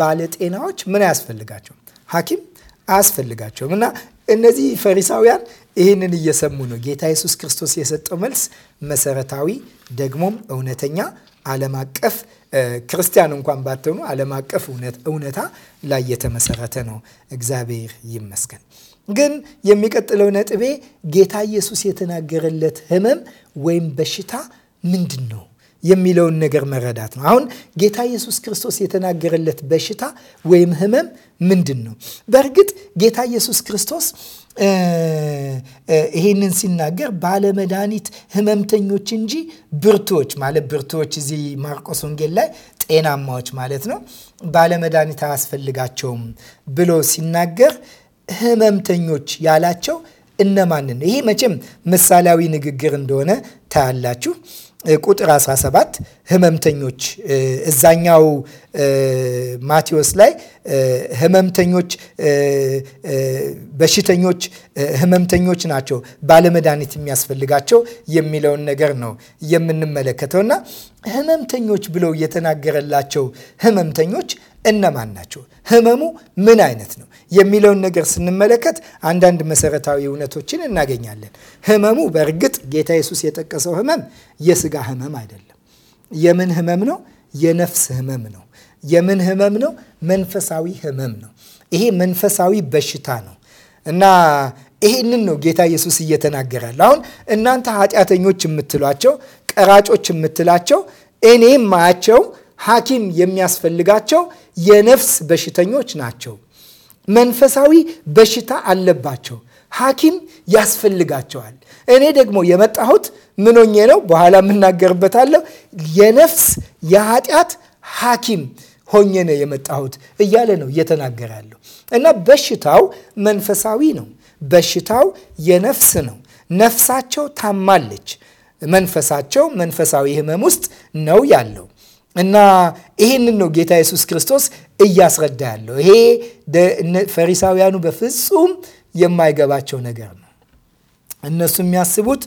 ባለጤናዎች ምን አያስፈልጋቸውም? ሐኪም አያስፈልጋቸውም። እና እነዚህ ፈሪሳውያን ይህንን እየሰሙ ነው። ጌታ ኢየሱስ ክርስቶስ የሰጠው መልስ መሰረታዊ ደግሞም እውነተኛ ዓለም አቀፍ ክርስቲያን እንኳን ባትሆኑ ዓለም አቀፍ እውነታ ላይ የተመሰረተ ነው። እግዚአብሔር ይመስገን። ግን የሚቀጥለው ነጥቤ ጌታ ኢየሱስ የተናገረለት ህመም ወይም በሽታ ምንድን ነው? የሚለውን ነገር መረዳት ነው። አሁን ጌታ ኢየሱስ ክርስቶስ የተናገረለት በሽታ ወይም ህመም ምንድን ነው? በእርግጥ ጌታ ኢየሱስ ክርስቶስ ይሄንን ሲናገር ባለመድኃኒት ህመምተኞች እንጂ ብርቱዎች ማለት ብርቱዎች እዚህ ማርቆስ ወንጌል ላይ ጤናማዎች ማለት ነው፣ ባለመድኃኒት አያስፈልጋቸውም ብሎ ሲናገር ህመምተኞች ያላቸው እነማንን ነው? ይሄ መቼም ምሳሌያዊ ንግግር እንደሆነ ታያላችሁ። ቁጥር 17 ህመምተኞች እዛኛው ማቴዎስ ላይ ህመምተኞች በሽተኞች ህመምተኞች ናቸው ባለመድኃኒት የሚያስፈልጋቸው የሚለውን ነገር ነው የምንመለከተው እና ህመምተኞች ብለው የተናገረላቸው ህመምተኞች እነማን ናቸው? ህመሙ ምን አይነት ነው? የሚለውን ነገር ስንመለከት አንዳንድ መሰረታዊ እውነቶችን እናገኛለን። ህመሙ በእርግጥ ጌታ ኢየሱስ የጠቀሰው ህመም የስጋ ህመም አይደለም። የምን ህመም ነው? የነፍስ ህመም ነው። የምን ህመም ነው? መንፈሳዊ ህመም ነው። ይሄ መንፈሳዊ በሽታ ነው እና ይሄንን ነው ጌታ ኢየሱስ እየተናገራል። አሁን እናንተ ኃጢአተኞች የምትሏቸው፣ ቀራጮች የምትላቸው እኔም ማያቸው ሐኪም የሚያስፈልጋቸው የነፍስ በሽተኞች ናቸው። መንፈሳዊ በሽታ አለባቸው። ሐኪም ያስፈልጋቸዋል። እኔ ደግሞ የመጣሁት ምኖኜ ነው፣ በኋላ የምናገርበታለሁ። የነፍስ የኃጢአት ሐኪም ሆኜ ነው የመጣሁት እያለ ነው እየተናገራለሁ። እና በሽታው መንፈሳዊ ነው። በሽታው የነፍስ ነው። ነፍሳቸው ታማለች። መንፈሳቸው መንፈሳዊ ህመም ውስጥ ነው ያለው። እና ይህንን ነው ጌታ ኢየሱስ ክርስቶስ እያስረዳ ያለው። ይሄ ፈሪሳውያኑ በፍጹም የማይገባቸው ነገር ነው። እነሱ የሚያስቡት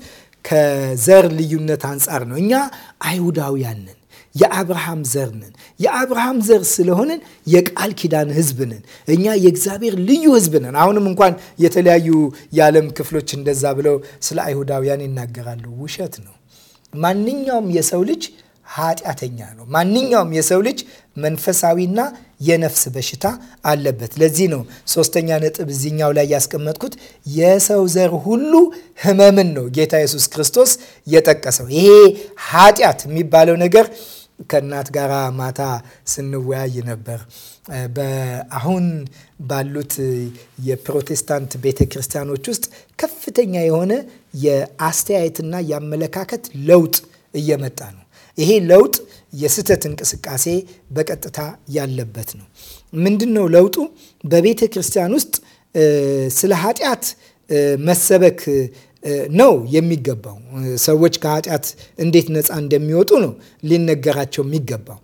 ከዘር ልዩነት አንጻር ነው። እኛ አይሁዳውያን ነን፣ የአብርሃም ዘር ነን። የአብርሃም ዘር ስለሆንን የቃል ኪዳን ሕዝብ ነን። እኛ የእግዚአብሔር ልዩ ሕዝብ ነን። አሁንም እንኳን የተለያዩ የዓለም ክፍሎች እንደዛ ብለው ስለ አይሁዳውያን ይናገራሉ። ውሸት ነው። ማንኛውም የሰው ልጅ ኃጢአተኛ ነው። ማንኛውም የሰው ልጅ መንፈሳዊና የነፍስ በሽታ አለበት። ለዚህ ነው ሶስተኛ ነጥብ እዚኛው ላይ ያስቀመጥኩት የሰው ዘር ሁሉ ሕመምን ነው ጌታ ኢየሱስ ክርስቶስ የጠቀሰው። ይሄ ኃጢአት የሚባለው ነገር ከእናት ጋር ማታ ስንወያይ ነበር። በአሁን ባሉት የፕሮቴስታንት ቤተ ክርስቲያኖች ውስጥ ከፍተኛ የሆነ የአስተያየትና የአመለካከት ለውጥ እየመጣ ነው። ይሄ ለውጥ የስህተት እንቅስቃሴ በቀጥታ ያለበት ነው። ምንድን ነው ለውጡ? በቤተ ክርስቲያን ውስጥ ስለ ኃጢአት መሰበክ ነው የሚገባው። ሰዎች ከኃጢአት እንዴት ነፃ እንደሚወጡ ነው ሊነገራቸው የሚገባው።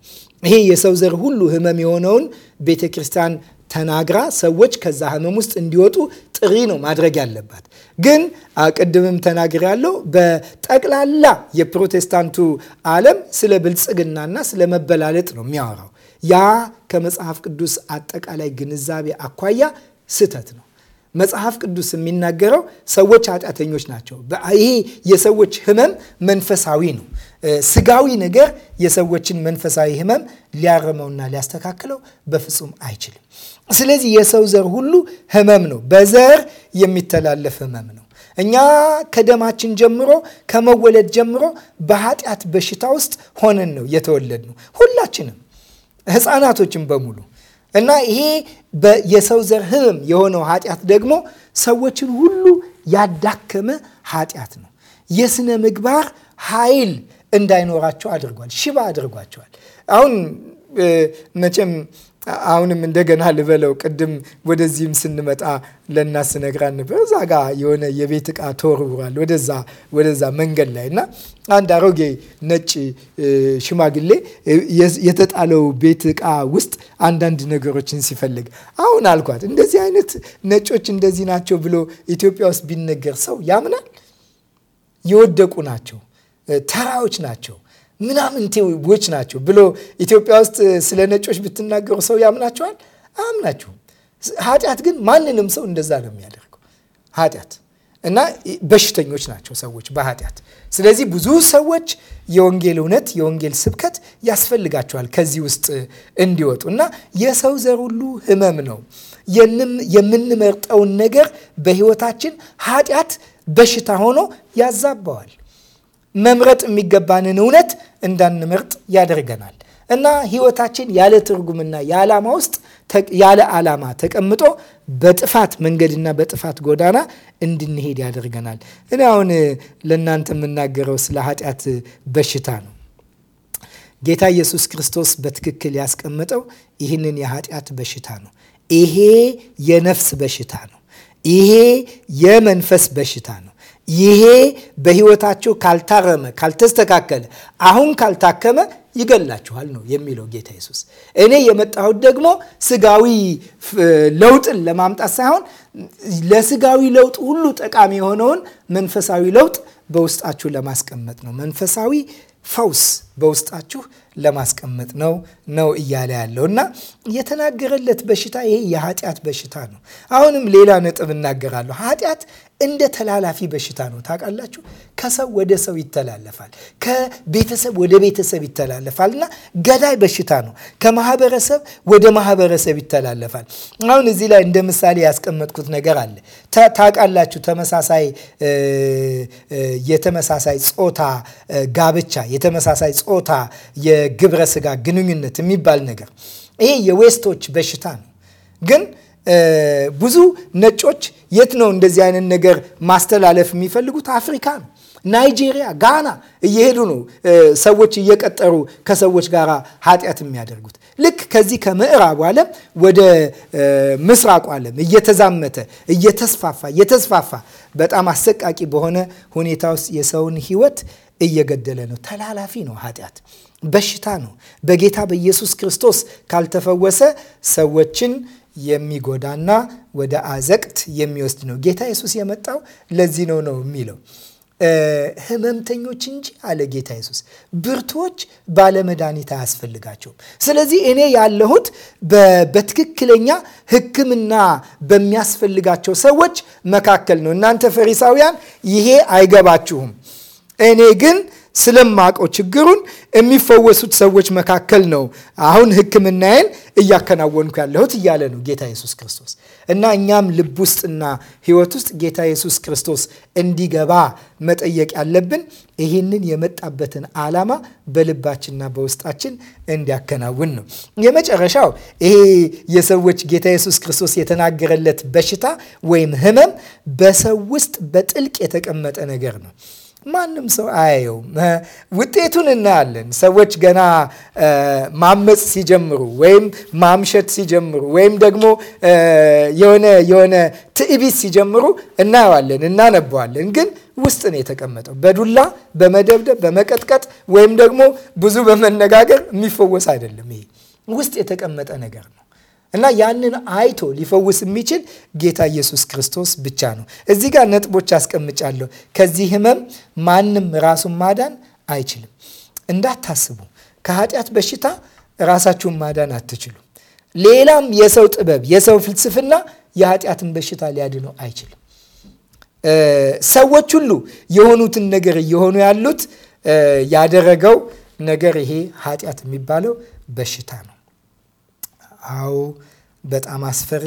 ይሄ የሰው ዘር ሁሉ ህመም የሆነውን ቤተ ክርስቲያን ተናግራ ሰዎች ከዛ ህመም ውስጥ እንዲወጡ ጥሪ ነው ማድረግ ያለባት። ግን ቅድምም ተናግር ያለው በጠቅላላ የፕሮቴስታንቱ ዓለም ስለ ብልጽግናና ስለ መበላለጥ ነው የሚያወራው። ያ ከመጽሐፍ ቅዱስ አጠቃላይ ግንዛቤ አኳያ ስህተት ነው። መጽሐፍ ቅዱስ የሚናገረው ሰዎች ኃጢአተኞች ናቸው። ይሄ የሰዎች ህመም መንፈሳዊ ነው። ስጋዊ ነገር የሰዎችን መንፈሳዊ ህመም ሊያርመውና ሊያስተካክለው በፍጹም አይችልም። ስለዚህ የሰው ዘር ሁሉ ህመም ነው። በዘር የሚተላለፍ ህመም ነው። እኛ ከደማችን ጀምሮ ከመወለድ ጀምሮ በኃጢአት በሽታ ውስጥ ሆነን ነው የተወለድ ነው ሁላችንም ህፃናቶችን በሙሉ እና ይሄ የሰው ዘር ህመም የሆነው ኃጢአት ደግሞ ሰዎችን ሁሉ ያዳከመ ኃጢአት ነው። የስነ ምግባር ኃይል እንዳይኖራቸው አድርጓል። ሽባ አድርጓቸዋል። አሁን መቼም አሁንም እንደገና ልበለው። ቅድም ወደዚህም ስንመጣ ለእናት ስነግራ ነበር። እዛ ጋ የሆነ የቤት ዕቃ ተወርውሯል፣ ወደዛ ወደዛ መንገድ ላይ እና አንድ አሮጌ ነጭ ሽማግሌ የተጣለው ቤት ዕቃ ውስጥ አንዳንድ ነገሮችን ሲፈልግ አሁን አልኳት፣ እንደዚህ አይነት ነጮች እንደዚህ ናቸው ብሎ ኢትዮጵያ ውስጥ ቢነገር ሰው ያምናል? የወደቁ ናቸው፣ ተራዎች ናቸው ምናምንቴዎች ናቸው ብሎ ኢትዮጵያ ውስጥ ስለ ነጮች ብትናገሩ ሰው ያምናቸዋል? አያምናችሁም። ኃጢአት ግን ማንንም ሰው እንደዛ ነው የሚያደርገው ኃጢአት እና በሽተኞች ናቸው ሰዎች በኃጢአት። ስለዚህ ብዙ ሰዎች የወንጌል እውነት የወንጌል ስብከት ያስፈልጋቸዋል ከዚህ ውስጥ እንዲወጡ እና የሰው ዘር ሁሉ ህመም ነው የምንመርጠውን ነገር በህይወታችን ኃጢአት በሽታ ሆኖ ያዛባዋል። መምረጥ የሚገባንን እውነት እንዳንመርጥ ያደርገናል እና ህይወታችን ያለ ትርጉምና የዓላማ ውስጥ ያለ ዓላማ ተቀምጦ በጥፋት መንገድና በጥፋት ጎዳና እንድንሄድ ያደርገናል። እኔ አሁን ለእናንተ የምናገረው ስለ ኃጢአት በሽታ ነው። ጌታ ኢየሱስ ክርስቶስ በትክክል ያስቀመጠው ይህንን የኃጢአት በሽታ ነው። ይሄ የነፍስ በሽታ ነው። ይሄ የመንፈስ በሽታ ነው። ይሄ በህይወታችሁ ካልታረመ፣ ካልተስተካከለ፣ አሁን ካልታከመ ይገላችኋል ነው የሚለው ጌታ ኢየሱስ። እኔ የመጣሁት ደግሞ ስጋዊ ለውጥን ለማምጣት ሳይሆን ለስጋዊ ለውጥ ሁሉ ጠቃሚ የሆነውን መንፈሳዊ ለውጥ በውስጣችሁ ለማስቀመጥ ነው። መንፈሳዊ ፈውስ በውስጣችሁ ለማስቀመጥ ነው ነው እያለ ያለው እና የተናገረለት በሽታ ይሄ የኃጢአት በሽታ ነው። አሁንም ሌላ ነጥብ እናገራለሁ። ኃጢአት እንደ ተላላፊ በሽታ ነው። ታውቃላችሁ፣ ከሰው ወደ ሰው ይተላለፋል፣ ከቤተሰብ ወደ ቤተሰብ ይተላለፋል እና ገዳይ በሽታ ነው። ከማህበረሰብ ወደ ማህበረሰብ ይተላለፋል። አሁን እዚህ ላይ እንደ ምሳሌ ያስቀመጥኩት ነገር አለ። ታውቃላችሁ፣ ተመሳሳይ የተመሳሳይ ጾታ ጋብቻ የተመሳሳይ ጾታ የግብረ ስጋ ግንኙነት የሚባል ነገር ይሄ የዌስቶች በሽታ ነው። ግን ብዙ ነጮች የት ነው እንደዚህ አይነት ነገር ማስተላለፍ የሚፈልጉት? አፍሪካ ነው። ናይጄሪያ፣ ጋና እየሄዱ ነው ሰዎች እየቀጠሩ ከሰዎች ጋር ኃጢአት የሚያደርጉት። ልክ ከዚህ ከምዕራቡ ዓለም ወደ ምስራቁ ዓለም እየተዛመተ እየተስፋፋ እየተስፋፋ በጣም አሰቃቂ በሆነ ሁኔታ ውስጥ የሰውን ሕይወት እየገደለ ነው። ተላላፊ ነው። ኃጢአት በሽታ ነው። በጌታ በኢየሱስ ክርስቶስ ካልተፈወሰ ሰዎችን የሚጎዳና ወደ አዘቅት የሚወስድ ነው። ጌታ ኢየሱስ የመጣው ለዚህ ነው ነው የሚለው ህመምተኞች እንጂ አለ ጌታ ኢየሱስ፣ ብርቶች ባለመድኃኒት አያስፈልጋቸውም። ስለዚህ እኔ ያለሁት በትክክለኛ ሕክምና በሚያስፈልጋቸው ሰዎች መካከል ነው። እናንተ ፈሪሳውያን ይሄ አይገባችሁም። እኔ ግን ስለማቀው ችግሩን የሚፈወሱት ሰዎች መካከል ነው አሁን ሕክምናዬን እያከናወንኩ ያለሁት እያለ ነው ጌታ ኢየሱስ ክርስቶስ። እና እኛም ልብ ውስጥና ሕይወት ውስጥ ጌታ ኢየሱስ ክርስቶስ እንዲገባ መጠየቅ ያለብን ይህንን የመጣበትን ዓላማ በልባችንና በውስጣችን እንዲያከናውን ነው። የመጨረሻው ይሄ የሰዎች ጌታ ኢየሱስ ክርስቶስ የተናገረለት በሽታ ወይም ሕመም በሰው ውስጥ በጥልቅ የተቀመጠ ነገር ነው። ማንም ሰው አያየውም። ውጤቱን እናያለን። ሰዎች ገና ማመፅ ሲጀምሩ ወይም ማምሸት ሲጀምሩ ወይም ደግሞ የሆነ የሆነ ትዕቢት ሲጀምሩ እናየዋለን፣ እናነበዋለን። ግን ውስጥ ነው የተቀመጠው። በዱላ በመደብደብ በመቀጥቀጥ ወይም ደግሞ ብዙ በመነጋገር የሚፈወስ አይደለም። ይሄ ውስጥ የተቀመጠ ነገር ነው። እና ያንን አይቶ ሊፈውስ የሚችል ጌታ ኢየሱስ ክርስቶስ ብቻ ነው። እዚህ ጋር ነጥቦች አስቀምጫለሁ። ከዚህ ህመም ማንም ራሱን ማዳን አይችልም። እንዳታስቡ፣ ከኃጢአት በሽታ ራሳችሁን ማዳን አትችሉም። ሌላም የሰው ጥበብ፣ የሰው ፍልስፍና የኃጢአትን በሽታ ሊያድነው አይችልም። ሰዎች ሁሉ የሆኑትን ነገር እየሆኑ ያሉት ያደረገው ነገር ይሄ ኃጢአት የሚባለው በሽታ ነው። አዎ በጣም አስፈሪ፣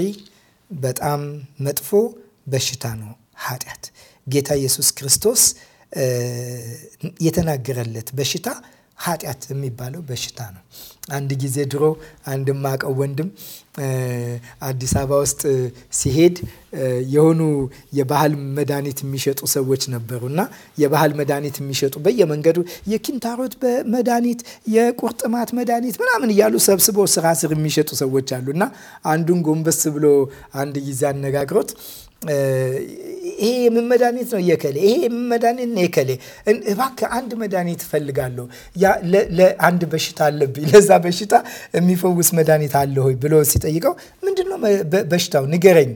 በጣም መጥፎ በሽታ ነው ኃጢአት። ጌታ ኢየሱስ ክርስቶስ የተናገረለት በሽታ ኃጢአት የሚባለው በሽታ ነው። አንድ ጊዜ ድሮ አንድ ማቀው ወንድም አዲስ አበባ ውስጥ ሲሄድ የሆኑ የባህል መድኃኒት የሚሸጡ ሰዎች ነበሩ እና የባህል መድኃኒት የሚሸጡ በየመንገዱ የኪንታሮት መድኃኒት፣ የቁርጥማት መድኃኒት ምናምን እያሉ ሰብስበው ስራ ስር የሚሸጡ ሰዎች አሉ እና አንዱን ጎንበስ ብሎ አንድ ጊዜ አነጋግሮት ይሄ የምን መድኃኒት ነው የከሌ፣ ይሄ የምን መድኃኒት ነው የከሌ። እባክህ አንድ መድኃኒት እፈልጋለሁ፣ ለአንድ በሽታ አለብኝ፣ ለዛ በሽታ የሚፈውስ መድኃኒት አለ ሆይ ብሎ ሲጠይቀው ምንድን ነው በሽታው ንገረኝ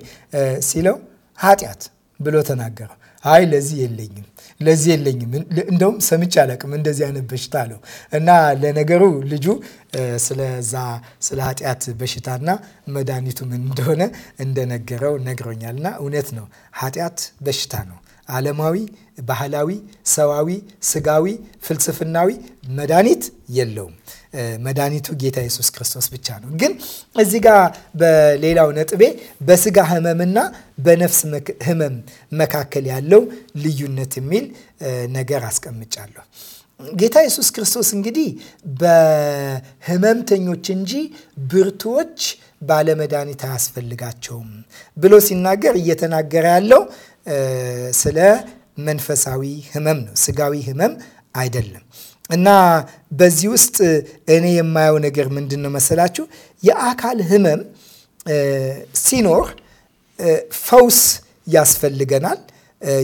ሲለው ኃጢአት ብሎ ተናገረው። አይ ለዚህ የለኝም ለዚህ የለኝም። እንደውም ሰምቼ አላቅም እንደዚህ አይነት በሽታ አለው እና ለነገሩ ልጁ ስለዛ ስለ ኃጢአት በሽታና መድኃኒቱ ምን እንደሆነ እንደነገረው ነግሮኛል። ነግሮኛልና እውነት ነው። ኃጢአት በሽታ ነው። ዓለማዊ፣ ባህላዊ፣ ሰዋዊ፣ ስጋዊ፣ ፍልስፍናዊ መድኃኒት የለውም። መድኃኒቱ ጌታ ኢየሱስ ክርስቶስ ብቻ ነው። ግን እዚህ ጋር በሌላው ነጥቤ በስጋ ህመምና በነፍስ ህመም መካከል ያለው ልዩነት የሚል ነገር አስቀምጫለሁ። ጌታ ኢየሱስ ክርስቶስ እንግዲህ በህመምተኞች እንጂ ብርቱዎች ባለመድኃኒት አያስፈልጋቸውም ብሎ ሲናገር እየተናገረ ያለው ስለ መንፈሳዊ ህመም ነው፣ ስጋዊ ህመም አይደለም። እና በዚህ ውስጥ እኔ የማየው ነገር ምንድን ነው መሰላችሁ? የአካል ህመም ሲኖር ፈውስ ያስፈልገናል።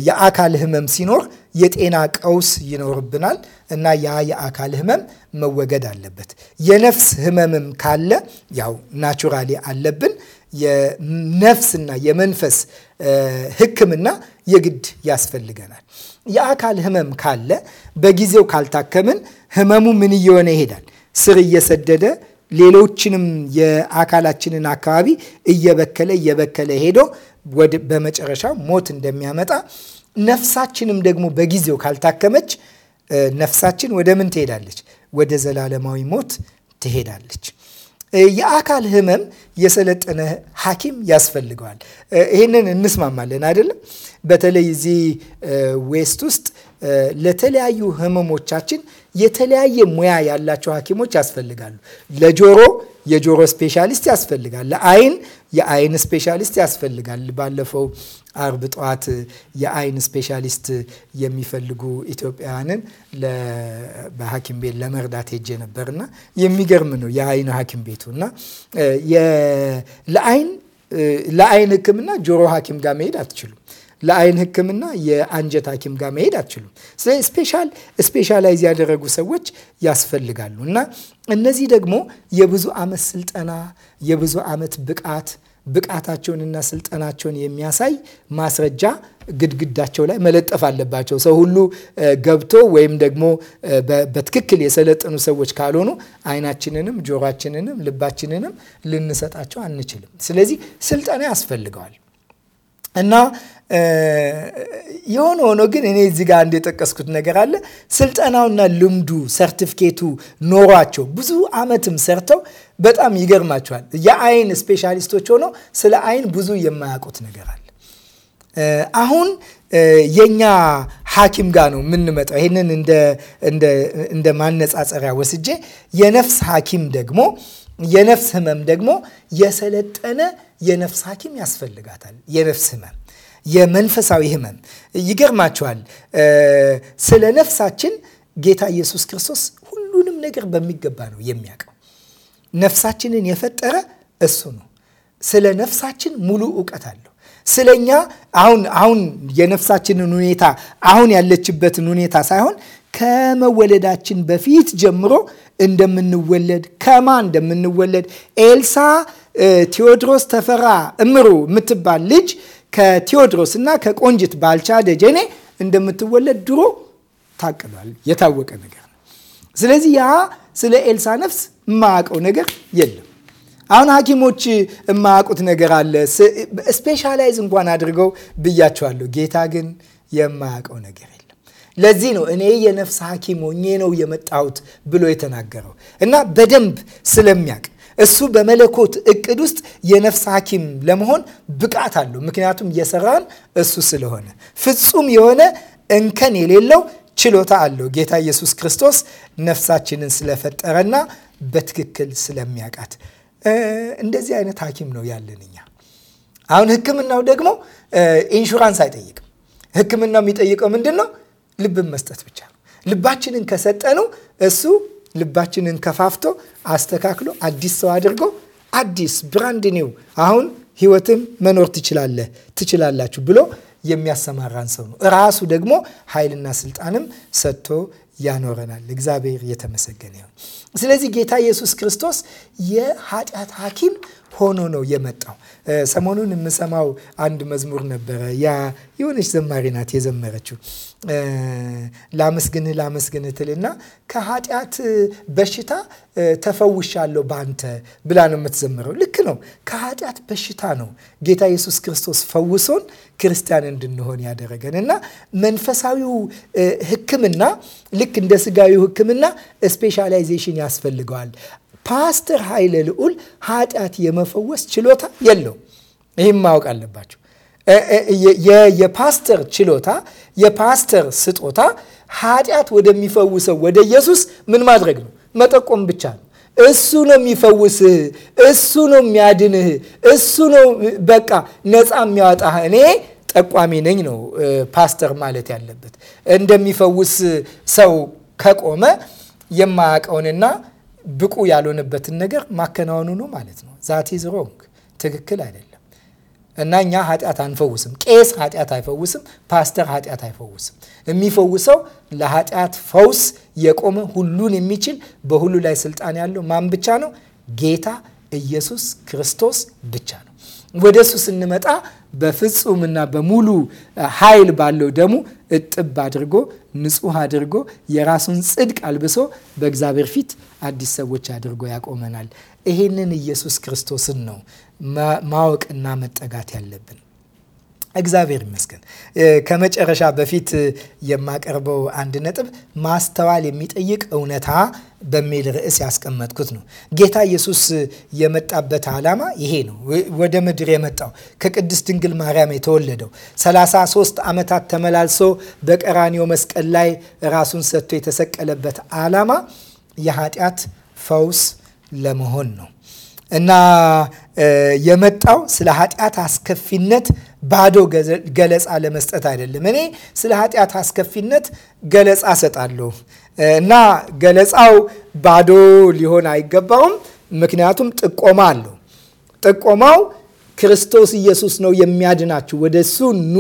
የአካል ህመም ሲኖር የጤና ቀውስ ይኖርብናል እና ያ የአካል ህመም መወገድ አለበት። የነፍስ ህመምም ካለ ያው ናቹራሊ አለብን የነፍስና የመንፈስ ሕክምና የግድ ያስፈልገናል። የአካል ህመም ካለ በጊዜው ካልታከምን ህመሙ ምን እየሆነ ይሄዳል? ስር እየሰደደ ሌሎችንም የአካላችንን አካባቢ እየበከለ እየበከለ ሄዶ በመጨረሻ ሞት እንደሚያመጣ ነፍሳችንም ደግሞ በጊዜው ካልታከመች ነፍሳችን ወደ ምን ትሄዳለች? ወደ ዘላለማዊ ሞት ትሄዳለች። የአካል ህመም የሰለጠነ ሐኪም ያስፈልገዋል። ይህንን እንስማማለን አይደለም? በተለይ እዚህ ዌስት ውስጥ ለተለያዩ ህመሞቻችን የተለያየ ሙያ ያላቸው ሐኪሞች ያስፈልጋሉ። ለጆሮ የጆሮ ስፔሻሊስት ያስፈልጋል። ለአይን የአይን ስፔሻሊስት ያስፈልጋል። ባለፈው አርብ ጠዋት የአይን ስፔሻሊስት የሚፈልጉ ኢትዮጵያውያንን በሐኪም ቤት ለመርዳት ሄጄ ነበር እና የሚገርም ነው የአይን ሐኪም ቤቱ እና ለአይን ህክምና ሕክምና ጆሮ ሐኪም ጋር መሄድ አትችሉም። ለአይን ሕክምና የአንጀት ሐኪም ጋር መሄድ አትችሉም። ስለዚህ ስፔሻል ስፔሻላይዝ ያደረጉ ሰዎች ያስፈልጋሉ እና እነዚህ ደግሞ የብዙ ዓመት ስልጠና፣ የብዙ ዓመት ብቃት ብቃታቸውንና ስልጠናቸውን የሚያሳይ ማስረጃ ግድግዳቸው ላይ መለጠፍ አለባቸው። ሰው ሁሉ ገብቶ ወይም ደግሞ በትክክል የሰለጠኑ ሰዎች ካልሆኑ አይናችንንም ጆሯችንንም ልባችንንም ልንሰጣቸው አንችልም። ስለዚህ ስልጠና ያስፈልገዋል። እና የሆነ ሆኖ ግን እኔ እዚህ ጋር የጠቀስኩት ነገር አለ። ስልጠናውና ልምዱ ሰርቲፊኬቱ ኖሯቸው ብዙ አመትም ሰርተው በጣም ይገርማቸዋል። የአይን ስፔሻሊስቶች ሆኖ ስለ አይን ብዙ የማያውቁት ነገር አለ። አሁን የኛ ሐኪም ጋር ነው የምንመጣው። ይህንን እንደ ማነጻጸሪያ ወስጄ የነፍስ ሐኪም ደግሞ የነፍስ ህመም ደግሞ የሰለጠነ የነፍስ ሐኪም ያስፈልጋታል። የነፍስ ህመም የመንፈሳዊ ህመም ይገርማቸዋል። ስለ ነፍሳችን ጌታ ኢየሱስ ክርስቶስ ሁሉንም ነገር በሚገባ ነው የሚያውቀው። ነፍሳችንን የፈጠረ እሱ ነው። ስለ ነፍሳችን ሙሉ እውቀት አለው። ስለኛ አሁን አሁን የነፍሳችንን ሁኔታ አሁን ያለችበትን ሁኔታ ሳይሆን ከመወለዳችን በፊት ጀምሮ እንደምንወለድ ከማ እንደምንወለድ ኤልሳ ቴዎድሮስ ተፈራ እምሩ የምትባል ልጅ ከቴዎድሮስ እና ከቆንጅት ባልቻ ደጀኔ እንደምትወለድ ድሮ ታቅዷል። የታወቀ ነገር ነው። ስለዚህ ያ ስለ ኤልሳ ነፍስ የማያውቀው ነገር የለም። አሁን ሐኪሞች የማያውቁት ነገር አለ። ስፔሻላይዝ እንኳን አድርገው ብያቸዋለሁ። ጌታ ግን የማያውቀው ነገር ለዚህ ነው እኔ የነፍስ ሐኪም ሆኜ ነው የመጣሁት ብሎ የተናገረው እና በደንብ ስለሚያውቅ እሱ በመለኮት እቅድ ውስጥ የነፍስ ሐኪም ለመሆን ብቃት አለው። ምክንያቱም የሰራን እሱ ስለሆነ ፍጹም የሆነ እንከን የሌለው ችሎታ አለው ጌታ ኢየሱስ ክርስቶስ ነፍሳችንን ስለፈጠረና በትክክል ስለሚያውቃት እንደዚህ አይነት ሐኪም ነው ያለን እኛ። አሁን ሕክምናው ደግሞ ኢንሹራንስ አይጠይቅም። ሕክምናው የሚጠይቀው ምንድን ነው? ልብን መስጠት ብቻ ነው። ልባችንን ከሰጠነው እሱ ልባችንን ከፋፍቶ አስተካክሎ አዲስ ሰው አድርጎ አዲስ ብራንድ ኒው አሁን ህይወትም መኖር ትችላለህ ትችላላችሁ ብሎ የሚያሰማራን ሰው ነው። ራሱ ደግሞ ኃይልና ስልጣንም ሰጥቶ ያኖረናል። እግዚአብሔር የተመሰገነ ይሁን። ስለዚህ ጌታ ኢየሱስ ክርስቶስ የኃጢአት ሐኪም ሆኖ ነው የመጣው። ሰሞኑን የምሰማው አንድ መዝሙር ነበረ። ያ የሆነች ዘማሪ ናት የዘመረችው ላመስግንህ ላመስግንህ ትልና ከኃጢአት በሽታ ተፈውሻለሁ በአንተ ብላ ነው የምትዘምረው። ልክ ነው። ከኃጢአት በሽታ ነው ጌታ ኢየሱስ ክርስቶስ ፈውሶን ክርስቲያን እንድንሆን ያደረገን እና መንፈሳዊው ሕክምና ልክ እንደ ስጋዊው ሕክምና ስፔሻላይዜሽን ያስፈልገዋል። ፓስተር ኃይለ ልዑል ኃጢአት የመፈወስ ችሎታ የለው። ይህም ማወቅ አለባቸው። የፓስተር ችሎታ የፓስተር ስጦታ ኃጢአት ወደሚፈውሰው ወደ ኢየሱስ ምን ማድረግ ነው? መጠቆም ብቻ ነው። እሱ ነው የሚፈውስህ፣ እሱ ነው የሚያድንህ፣ እሱ ነው በቃ ነፃ የሚያወጣህ። እኔ ጠቋሚ ነኝ ነው ፓስተር ማለት ያለበት። እንደሚፈውስ ሰው ከቆመ የማያውቀውንና ብቁ ያልሆነበትን ነገር ማከናወኑ ነው ማለት ነው። ዛት ሮንግ፣ ትክክል አይደለም። እና እኛ ኃጢአት አንፈውስም። ቄስ ኃጢአት አይፈውስም። ፓስተር ኃጢአት አይፈውስም። የሚፈውሰው ለኃጢአት ፈውስ የቆመ ሁሉን የሚችል በሁሉ ላይ ስልጣን ያለው ማን ብቻ ነው? ጌታ ኢየሱስ ክርስቶስ ብቻ ነው። ወደ እሱ ስንመጣ በፍጹምና በሙሉ ኃይል ባለው ደሙ እጥብ አድርጎ ንጹህ አድርጎ የራሱን ጽድቅ አልብሶ በእግዚአብሔር ፊት አዲስ ሰዎች አድርጎ ያቆመናል። ይሄንን ኢየሱስ ክርስቶስን ነው ማወቅና መጠጋት ያለብን። እግዚአብሔር ይመስገን። ከመጨረሻ በፊት የማቀርበው አንድ ነጥብ ማስተዋል የሚጠይቅ እውነታ በሚል ርዕስ ያስቀመጥኩት ነው። ጌታ ኢየሱስ የመጣበት ዓላማ ይሄ ነው። ወደ ምድር የመጣው ከቅድስት ድንግል ማርያም የተወለደው 33 ዓመታት ተመላልሶ በቀራኒዮ መስቀል ላይ ራሱን ሰጥቶ የተሰቀለበት ዓላማ የኃጢአት ፈውስ ለመሆን ነው እና የመጣው ስለ ኃጢአት አስከፊነት ባዶ ገለጻ ለመስጠት አይደለም። እኔ ስለ ኃጢአት አስከፊነት ገለጻ ሰጣለሁ እና ገለጻው ባዶ ሊሆን አይገባውም። ምክንያቱም ጥቆማ አለው። ጥቆማው ክርስቶስ ኢየሱስ ነው የሚያድናችሁ፣ ወደ እሱ ኑ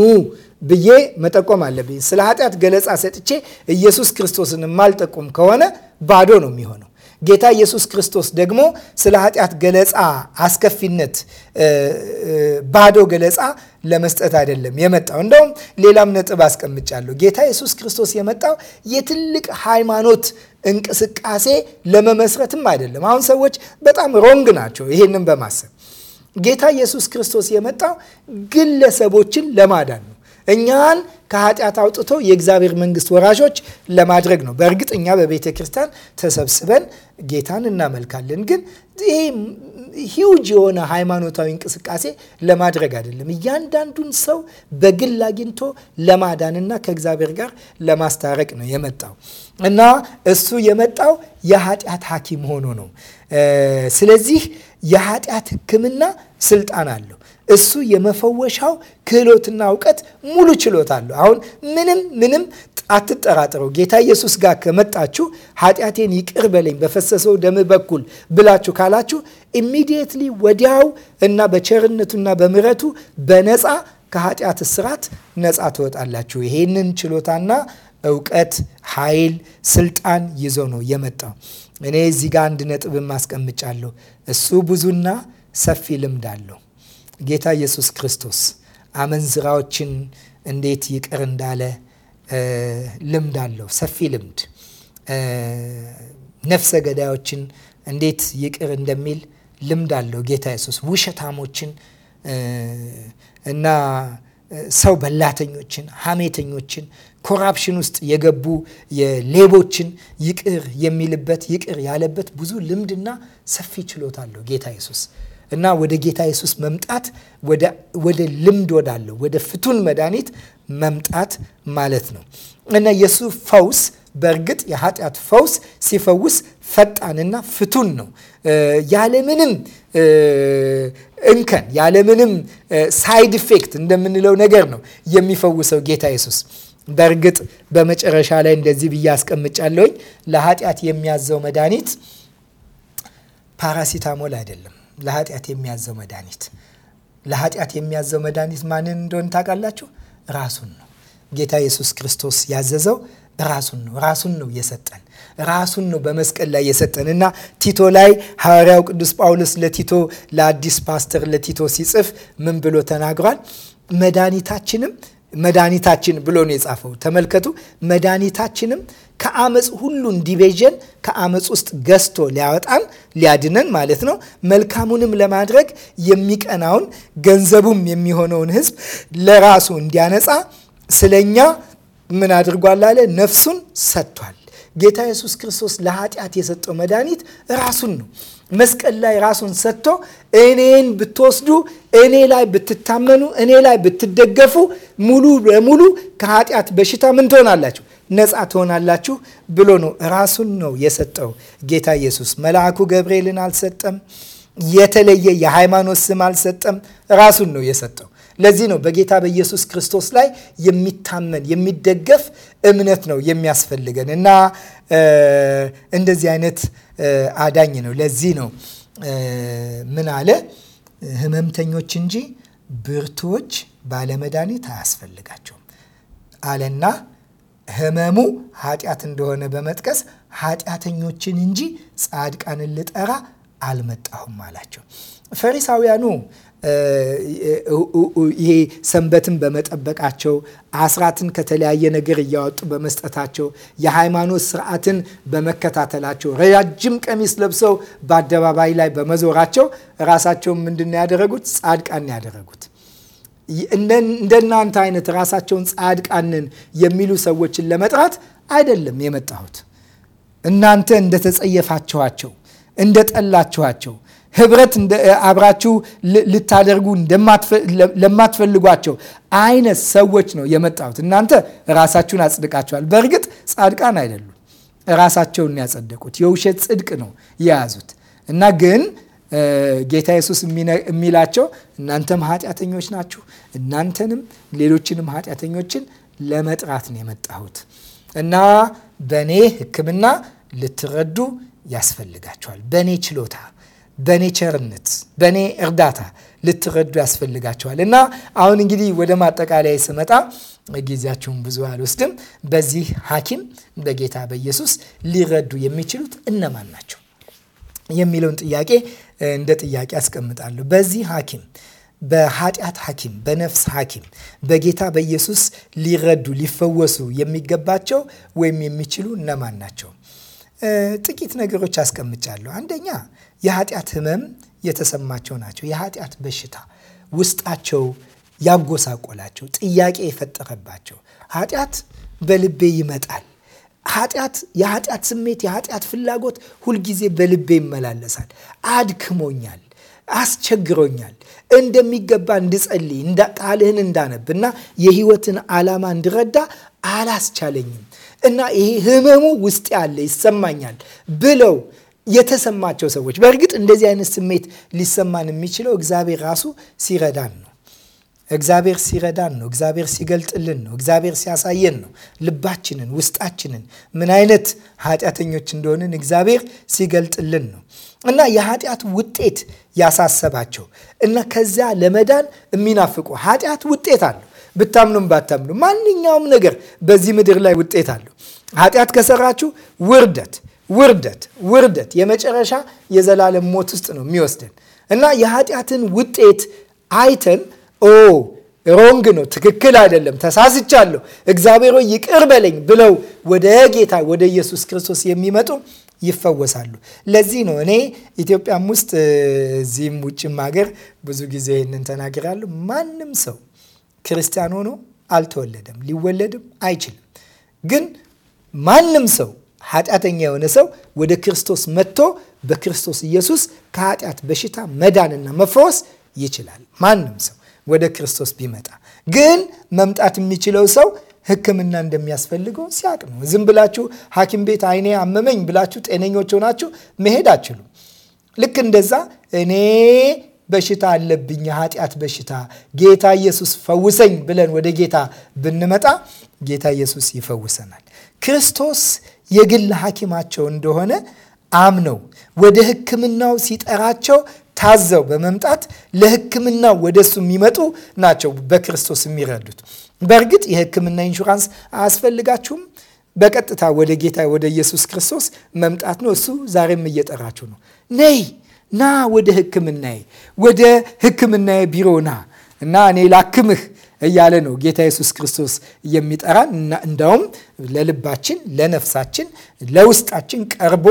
ብዬ መጠቆም አለብኝ። ስለ ኃጢአት ገለጻ ሰጥቼ ኢየሱስ ክርስቶስን የማልጠቁም ከሆነ ባዶ ነው የሚሆነው። ጌታ ኢየሱስ ክርስቶስ ደግሞ ስለ ኃጢአት ገለጻ አስከፊነት ባዶ ገለጻ ለመስጠት አይደለም የመጣው። እንደውም ሌላም ነጥብ አስቀምጫለሁ። ጌታ ኢየሱስ ክርስቶስ የመጣው የትልቅ ሃይማኖት እንቅስቃሴ ለመመስረትም አይደለም። አሁን ሰዎች በጣም ሮንግ ናቸው ይሄንን በማሰብ ጌታ ኢየሱስ ክርስቶስ የመጣው ግለሰቦችን ለማዳን ነው። እኛን ከኃጢአት አውጥቶ የእግዚአብሔር መንግስት ወራሾች ለማድረግ ነው። በእርግጥ እኛ በቤተ ክርስቲያን ተሰብስበን ጌታን እናመልካለን፣ ግን ይሄ ሂውጅ የሆነ ሃይማኖታዊ እንቅስቃሴ ለማድረግ አይደለም። እያንዳንዱን ሰው በግል አግኝቶ ለማዳንና ከእግዚአብሔር ጋር ለማስታረቅ ነው የመጣው እና እሱ የመጣው የኃጢአት ሐኪም ሆኖ ነው። ስለዚህ የኃጢአት ሕክምና ስልጣን አለው። እሱ የመፈወሻው ክህሎትና እውቀት ሙሉ ችሎታ አለው። አሁን ምንም ምንም አትጠራጠሩ። ጌታ ኢየሱስ ጋር ከመጣችሁ ኃጢአቴን ይቅር በለኝ በፈሰሰው ደም በኩል ብላችሁ ካላችሁ ኢሚዲየትሊ ወዲያው እና በቸርነቱና በምረቱ በነፃ ከኃጢአት እስራት ነፃ ትወጣላችሁ። ይሄንን ችሎታና እውቀት፣ ኃይል፣ ስልጣን ይዞ ነው የመጣው። እኔ እዚህ ጋር አንድ ነጥብ ማስቀምጫለሁ። እሱ ብዙና ሰፊ ልምድ አለው። ጌታ ኢየሱስ ክርስቶስ አመንዝራዎችን እንዴት ይቅር እንዳለ ልምድ አለው፣ ሰፊ ልምድ። ነፍሰ ገዳዮችን እንዴት ይቅር እንደሚል ልምድ አለው ጌታ ኢየሱስ። ውሸታሞችን እና ሰው በላተኞችን፣ ሐሜተኞችን፣ ኮራፕሽን ውስጥ የገቡ የሌቦችን ይቅር የሚልበት ይቅር ያለበት ብዙ ልምድና ሰፊ ችሎታ አለው ጌታ ኢየሱስ። እና ወደ ጌታ ኢየሱስ መምጣት ወደ ልምድ ወዳለው ወደ ፍቱን መድኃኒት መምጣት ማለት ነው እና የእሱ ፈውስ በእርግጥ የኃጢአት ፈውስ ሲፈውስ ፈጣንና ፍቱን ነው። ያለምንም እንከን ያለምንም ሳይድ ኢፌክት እንደምንለው ነገር ነው የሚፈውሰው ጌታ ኢየሱስ። በእርግጥ በመጨረሻ ላይ እንደዚህ ብዬ አስቀምጫለሁኝ። ለኃጢአት የሚያዘው መድኃኒት ፓራሲታሞል አይደለም። ለኃጢአት የሚያዘው መድኃኒት ለኃጢአት የሚያዘው መድኃኒት ማንን እንደሆን ታውቃላችሁ? ራሱን ነው። ጌታ ኢየሱስ ክርስቶስ ያዘዘው ራሱን ነው። ራሱን ነው የሰጠን፣ ራሱን ነው በመስቀል ላይ የሰጠን እና ቲቶ ላይ ሐዋርያው ቅዱስ ጳውሎስ ለቲቶ ለአዲስ ፓስተር ለቲቶ ሲጽፍ ምን ብሎ ተናግሯል? መድኃኒታችንም መድኃኒታችን ብሎ ነው የጻፈው። ተመልከቱ። መድኃኒታችንም ከአመፅ ሁሉ እንዲቤዠን ከአመፅ ውስጥ ገዝቶ ሊያወጣን ሊያድነን ማለት ነው። መልካሙንም ለማድረግ የሚቀናውን ገንዘቡም የሚሆነውን ሕዝብ ለራሱ እንዲያነጻ ስለኛ ምን አድርጓል አለ? ነፍሱን ሰጥቷል። ጌታ ኢየሱስ ክርስቶስ ለኃጢአት የሰጠው መድኃኒት ራሱን ነው። መስቀል ላይ ራሱን ሰጥቶ እኔን ብትወስዱ፣ እኔ ላይ ብትታመኑ፣ እኔ ላይ ብትደገፉ ሙሉ በሙሉ ከኃጢአት በሽታ ምን ትሆናላችሁ? ነፃ ትሆናላችሁ ብሎ ነው። ራሱን ነው የሰጠው ጌታ ኢየሱስ። መልአኩ ገብርኤልን አልሰጠም። የተለየ የሃይማኖት ስም አልሰጠም። ራሱን ነው የሰጠው። ለዚህ ነው በጌታ በኢየሱስ ክርስቶስ ላይ የሚታመን የሚደገፍ እምነት ነው የሚያስፈልገን እና እንደዚህ አይነት አዳኝ ነው። ለዚህ ነው ምን አለ ህመምተኞች እንጂ ብርቱዎች ባለመድኃኒት አያስፈልጋቸውም አለና ህመሙ ኃጢአት እንደሆነ በመጥቀስ ኃጢአተኞችን እንጂ ጻድቃንን ልጠራ አልመጣሁም አላቸው። ፈሪሳውያኑ ይሄ ሰንበትን በመጠበቃቸው አስራትን ከተለያየ ነገር እያወጡ በመስጠታቸው የሃይማኖት ስርዓትን በመከታተላቸው ረጃጅም ቀሚስ ለብሰው በአደባባይ ላይ በመዞራቸው ራሳቸውን ምንድን ያደረጉት ጻድቃን ያደረጉት። እንደናንተ አይነት ራሳቸውን ጻድቃንን የሚሉ ሰዎችን ለመጥራት አይደለም የመጣሁት። እናንተ እንደተጸየፋችኋቸው፣ እንደጠላችኋቸው ህብረት አብራችሁ ልታደርጉ ለማትፈልጓቸው አይነት ሰዎች ነው የመጣሁት። እናንተ ራሳችሁን አጽድቃችኋል። በእርግጥ ጻድቃን አይደሉም፣ ራሳቸውን ያጸደቁት የውሸት ጽድቅ ነው የያዙት እና ግን ጌታ ኢየሱስ የሚላቸው እናንተም ኃጢአተኞች ናችሁ፣ እናንተንም ሌሎችንም ኃጢአተኞችን ለመጥራት ነው የመጣሁት እና በእኔ ሕክምና ልትረዱ ያስፈልጋቸዋል በእኔ ችሎታ በእኔ ቸርነት በእኔ እርዳታ ልትረዱ ያስፈልጋቸዋል። እና አሁን እንግዲህ ወደ ማጠቃለያ ስመጣ ጊዜያችሁን ብዙ አልወስድም። በዚህ ሐኪም በጌታ በኢየሱስ ሊረዱ የሚችሉት እነማን ናቸው የሚለውን ጥያቄ እንደ ጥያቄ አስቀምጣለሁ። በዚህ ሐኪም በኃጢአት ሐኪም፣ በነፍስ ሐኪም በጌታ በኢየሱስ ሊረዱ ሊፈወሱ የሚገባቸው ወይም የሚችሉ እነማን ናቸው? ጥቂት ነገሮች አስቀምጫለሁ። አንደኛ የኃጢአት ህመም የተሰማቸው ናቸው። የኃጢአት በሽታ ውስጣቸው ያጎሳቆላቸው፣ ጥያቄ የፈጠረባቸው ኃጢአት በልቤ ይመጣል ኃጢአት የኃጢአት ስሜት የኃጢአት ፍላጎት ሁልጊዜ በልቤ ይመላለሳል። አድክሞኛል፣ አስቸግሮኛል እንደሚገባ እንድጸልይ ቃልህን እንዳነብ እና የህይወትን ዓላማ እንድረዳ አላስቻለኝም እና ይሄ ህመሙ ውስጥ ያለ ይሰማኛል ብለው የተሰማቸው ሰዎች። በእርግጥ እንደዚህ አይነት ስሜት ሊሰማን የሚችለው እግዚአብሔር ራሱ ሲረዳን ነው። እግዚአብሔር ሲረዳን ነው። እግዚአብሔር ሲገልጥልን ነው። እግዚአብሔር ሲያሳየን ነው። ልባችንን፣ ውስጣችንን ምን አይነት ኃጢአተኞች እንደሆንን እግዚአብሔር ሲገልጥልን ነው እና የኃጢአት ውጤት ያሳሰባቸው እና ከዚያ ለመዳን የሚናፍቁ ኃጢአት ውጤት አለው። ብታምኑም ባታምኑ ማንኛውም ነገር በዚህ ምድር ላይ ውጤት አለው። ኃጢአት ከሰራችሁ ውርደት ውርደት ውርደት የመጨረሻ የዘላለም ሞት ውስጥ ነው የሚወስደን እና የኃጢአትን ውጤት አይተን ኦ ሮንግ ነው፣ ትክክል አይደለም፣ ተሳስቻለሁ፣ እግዚአብሔር ይቅር በለኝ ብለው ወደ ጌታ ወደ ኢየሱስ ክርስቶስ የሚመጡ ይፈወሳሉ። ለዚህ ነው እኔ ኢትዮጵያም ውስጥ እዚህም ውጭም ሀገር ብዙ ጊዜ ይህንን ተናግራለሁ። ማንም ሰው ክርስቲያን ሆኖ አልተወለደም፣ ሊወለድም አይችልም። ግን ማንም ሰው ኃጢአተኛ የሆነ ሰው ወደ ክርስቶስ መጥቶ በክርስቶስ ኢየሱስ ከኃጢአት በሽታ መዳንና መፈወስ ይችላል። ማንም ሰው ወደ ክርስቶስ ቢመጣ ግን መምጣት የሚችለው ሰው ሕክምና እንደሚያስፈልገው ሲያቅ ነው። ዝም ብላችሁ ሐኪም ቤት አይኔ አመመኝ ብላችሁ ጤነኞች ሆናችሁ መሄድ አችሉም። ልክ እንደዛ እኔ በሽታ አለብኝ፣ የኃጢአት በሽታ ጌታ ኢየሱስ ፈውሰኝ ብለን ወደ ጌታ ብንመጣ ጌታ ኢየሱስ ይፈውሰናል። ክርስቶስ የግል ሐኪማቸው እንደሆነ አምነው ወደ ሕክምናው ሲጠራቸው ታዘው በመምጣት ወደ ወደሱ የሚመጡ ናቸው በክርስቶስ የሚረዱት። በእርግጥ የሕክምና ኢንሹራንስ አያስፈልጋችሁም። በቀጥታ ወደ ጌታ ወደ ኢየሱስ ክርስቶስ መምጣት ነው። እሱ ዛሬም እየጠራችሁ ነው። ነይ ና ወደ ሕክምናዬ ወደ ሕክምናዬ ቢሮ ና እና እኔ ላክምህ እያለ ነው ጌታ ኢየሱስ ክርስቶስ የሚጠራን እና ለልባችን፣ ለነፍሳችን፣ ለውስጣችን ቀርቦ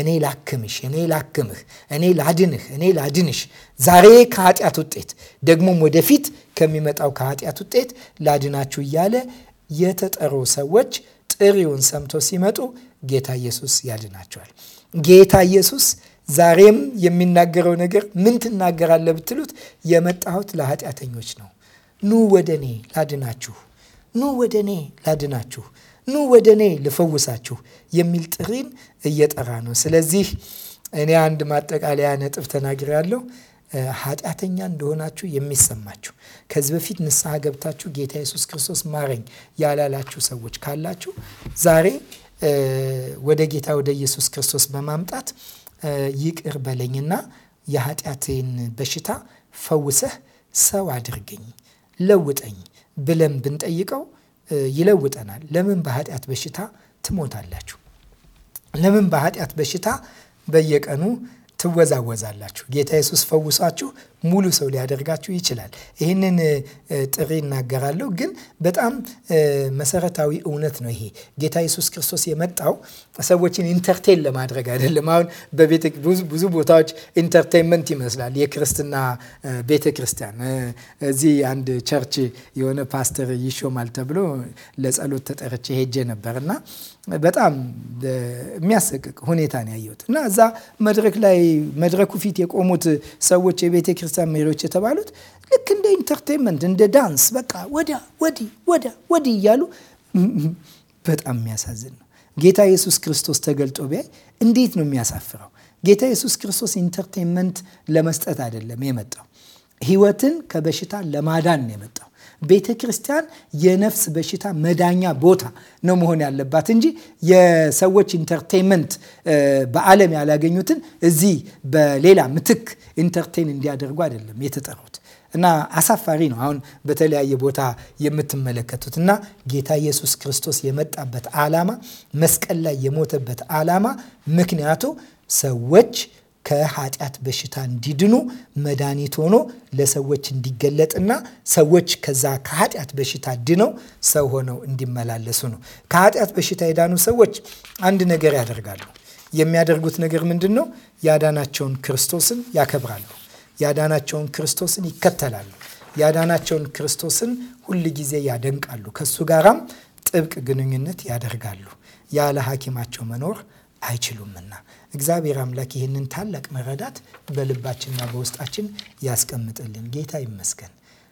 እኔ ላክምሽ፣ እኔ ላክምህ፣ እኔ ላድንህ፣ እኔ ላድንሽ፣ ዛሬ ከኃጢአት ውጤት ደግሞም ወደፊት ከሚመጣው ከኃጢአት ውጤት ላድናችሁ እያለ የተጠሩ ሰዎች ጥሪውን ሰምቶ ሲመጡ ጌታ ኢየሱስ ያድናቸዋል። ጌታ ኢየሱስ ዛሬም የሚናገረው ነገር ምን ትናገራለህ ብትሉት የመጣሁት ለኃጢአተኞች ነው ኑ ወደ እኔ ላድናችሁ፣ ኑ ወደ እኔ ላድናችሁ፣ ኑ ወደ እኔ ልፈውሳችሁ የሚል ጥሪን እየጠራ ነው። ስለዚህ እኔ አንድ ማጠቃለያ ነጥብ ተናግሬ ያለው ኃጢአተኛ እንደሆናችሁ የሚሰማችሁ ከዚህ በፊት ንስሐ ገብታችሁ ጌታ ኢየሱስ ክርስቶስ ማረኝ ያላላችሁ ሰዎች ካላችሁ ዛሬ ወደ ጌታ ወደ ኢየሱስ ክርስቶስ በማምጣት ይቅር በለኝና የኃጢአቴን በሽታ ፈውሰህ ሰው አድርገኝ ለውጠኝ ብለን ብንጠይቀው ይለውጠናል። ለምን በኃጢአት በሽታ ትሞታላችሁ? ለምን በኃጢአት በሽታ በየቀኑ ትወዛወዛላችሁ? ጌታ የሱስ ፈውሷችሁ ሙሉ ሰው ሊያደርጋችሁ ይችላል። ይህንን ጥሪ እናገራለሁ። ግን በጣም መሰረታዊ እውነት ነው ይሄ። ጌታ ኢየሱስ ክርስቶስ የመጣው ሰዎችን ኢንተርቴን ለማድረግ አይደለም። አሁን በቤተ ብዙ ቦታዎች ኢንተርቴንመንት ይመስላል የክርስትና ቤተ ክርስቲያን። እዚህ አንድ ቸርች የሆነ ፓስተር ይሾማል ተብሎ ለጸሎት ተጠርቼ ሄጄ ነበር እና በጣም የሚያሰቅቅ ሁኔታ ነው ያየሁት እና እዛ መድረክ ላይ መድረኩ ፊት የቆሙት ሰዎች የቤተ ክርስቲያን ክርስቲያን መሪዎች የተባሉት ልክ እንደ ኢንተርቴንመንት እንደ ዳንስ በቃ ወዳ ወዲ ወዳ ወዲ እያሉ በጣም የሚያሳዝን ነው። ጌታ ኢየሱስ ክርስቶስ ተገልጦ ቢያይ እንዴት ነው የሚያሳፍረው። ጌታ ኢየሱስ ክርስቶስ ኢንተርቴንመንት ለመስጠት አይደለም የመጣው፣ ህይወትን ከበሽታ ለማዳን ነው የመጣው። ቤተ ክርስቲያን የነፍስ በሽታ መዳኛ ቦታ ነው መሆን ያለባት እንጂ የሰዎች ኢንተርቴንመንት በዓለም ያላገኙትን እዚህ በሌላ ምትክ ኢንተርቴን እንዲያደርጉ አይደለም የተጠሩት። እና አሳፋሪ ነው። አሁን በተለያየ ቦታ የምትመለከቱት እና ጌታ ኢየሱስ ክርስቶስ የመጣበት ዓላማ መስቀል ላይ የሞተበት ዓላማ ምክንያቱ ሰዎች ከኃጢአት በሽታ እንዲድኑ መድኃኒት ሆኖ ለሰዎች እንዲገለጥና ሰዎች ከዛ ከኃጢአት በሽታ ድነው ሰው ሆነው እንዲመላለሱ ነው። ከኃጢአት በሽታ የዳኑ ሰዎች አንድ ነገር ያደርጋሉ። የሚያደርጉት ነገር ምንድን ነው? ያዳናቸውን ክርስቶስን ያከብራሉ። ያዳናቸውን ክርስቶስን ይከተላሉ። ያዳናቸውን ክርስቶስን ሁል ጊዜ ያደንቃሉ። ከሱ ጋራም ጥብቅ ግንኙነት ያደርጋሉ። ያለ ሐኪማቸው መኖር አይችሉምና እግዚአብሔር አምላክ ይህንን ታላቅ መረዳት በልባችንና በውስጣችን ያስቀምጥልን። ጌታ ይመስገን።